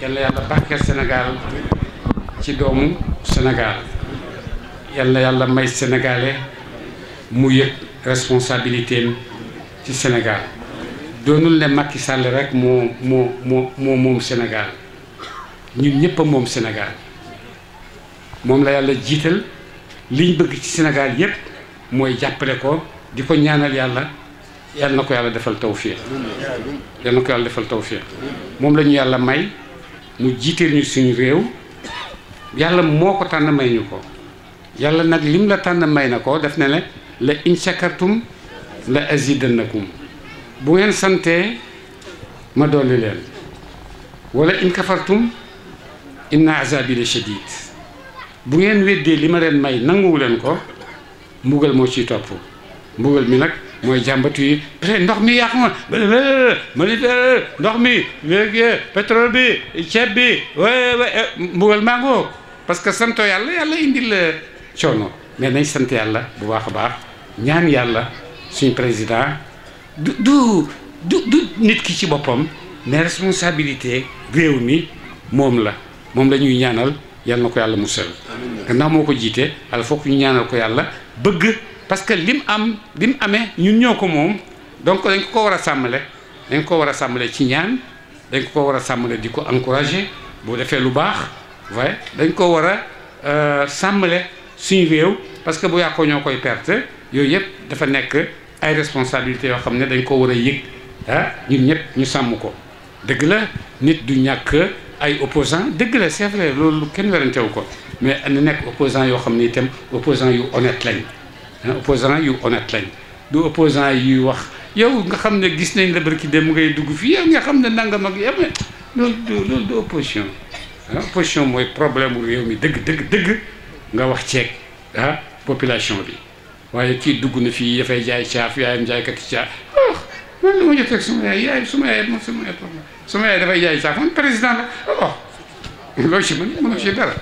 yal na yàlla barkeel Sénégal ci doomu Sénégal yal na yàlla may sénégalais mu yëg responsabilité ci Sénégal doonul ne Macky Sall rek moo moo moo moom Sénégal ñun ñëpp a moom Sénégal moom la yàlla jiital liñ bëgg ci Sénégal yëpp mooy jàppale ko di ko ñaanal yàlla. yal na ko yàlla defal tawfiix na ko yàlla defal tawfiix moom la yàlla may mu jiiteel ñu suñu réew yàlla moo ko tànn may ñu ko yàlla nag lim la tànn may na ko def na ne la in shakartum la azidannakum bu ngeen santee ma dolli leen wala in kafartum inna azabi la shadid bu ngeen weddee li ma leen may nanguwu leen ko mbugal moo ciy topp mbugal mi nag mooy jàmbat yi ndox mi yàqu ma ma ndox mi pétrole bi ceeb bi eh, mbugal maa parce que santoo yàlla yàlla indil la coono mais nañ sant yàlla bu baax a baax ñaan yàlla suñ président du du du nit ki ci boppam mais responsabilité réew mi moom la moom lañuy ñaanal yàlla na ko yàlla musal gannaaw moo ko jiite al foog ñu ñaanal ko yàlla bëgg parce que lim am lim amé ñun ñoko mom donc dañ ko wara samalé dañ ko wara samalé ci ñaan dañ ko wara samalé diko encourager boo defee lu baax waaye dañ ko wara euh samalé suñu réew parce que bu ya ko ñokoy perte yooyu yëpp dafa nekk ay responsabilités yo xamné dañ ko wara a hein ñun ñëpp ñu sàmm ko deug la nit du ñak ay opposants deug la c'est vrai loolu kenn werantewu ko mais na nekk opposants yo xamné tam opposants yu honnête lañ Hein, opposant yu honnête lañ du opposant yu wax yow nga xamné gis nañ la barki dem ngay dugg nga xamné nangam ak opposition hein, opposition problème mi deug deug deug nga wax hein, population bi waye kii dugg na fi yafay jaay chaaf yaayam oh Non, la ma jotee yaay yaay yaay yaay jaay président oh ci ci dara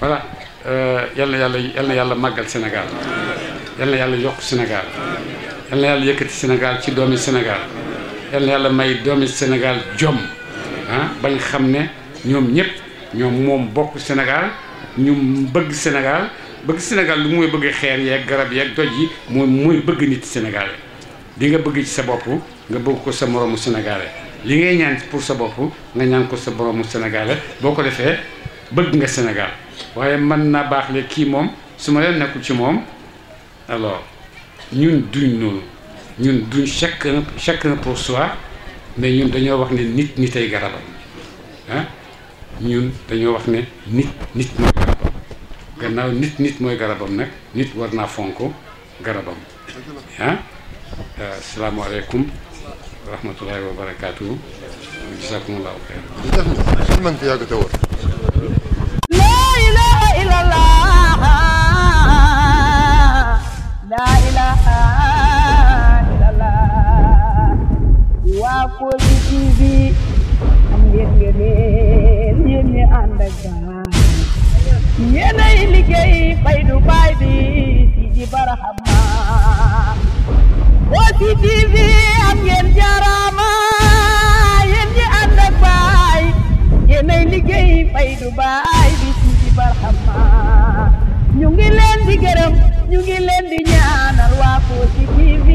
voilà Euh, yal na yàlla yal na yàlla màggal Sénégal yal yàlla yokk Sénégal yal na yàlla yëkkati Sénégal ci doomi Sénégal yal yàlla may doomi Sénégal jom ah bañ xam ne ñoom ñëpp ñoom moom bokk Sénégal ñu bëgg Sénégal bëgg Sénégal lu mooy bëgg xeer yeeg garab yeeg doj yi mooy mooy bëgg nit Sénégal li nga bëgg ci sa bopp nga bëgg ko sa moroomu sénégalais li ngay ñaan pour sa bopp nga ñaan ko sa moroomu sénégalais boo ko defee bëgg nga Sénégal waye man na bax le ki mom suma len leen ci mom alors ñun duñ non ñun duñ chacun chacun pour soi mais ñun dañu wax ne nit nit ay garabam ah ñun dañu wax ne nit nit mooy garabam gannaaw nit nit moy garabam nak nit war fonko garabam ah asalaamaaleykum wa rahmatullahi wa barakatuh. jazakumullahu xayran. li tax man fi Bye. barxama ñu ngi leen di gërëm ñu ngi leen di ñaanal waa Kossy TV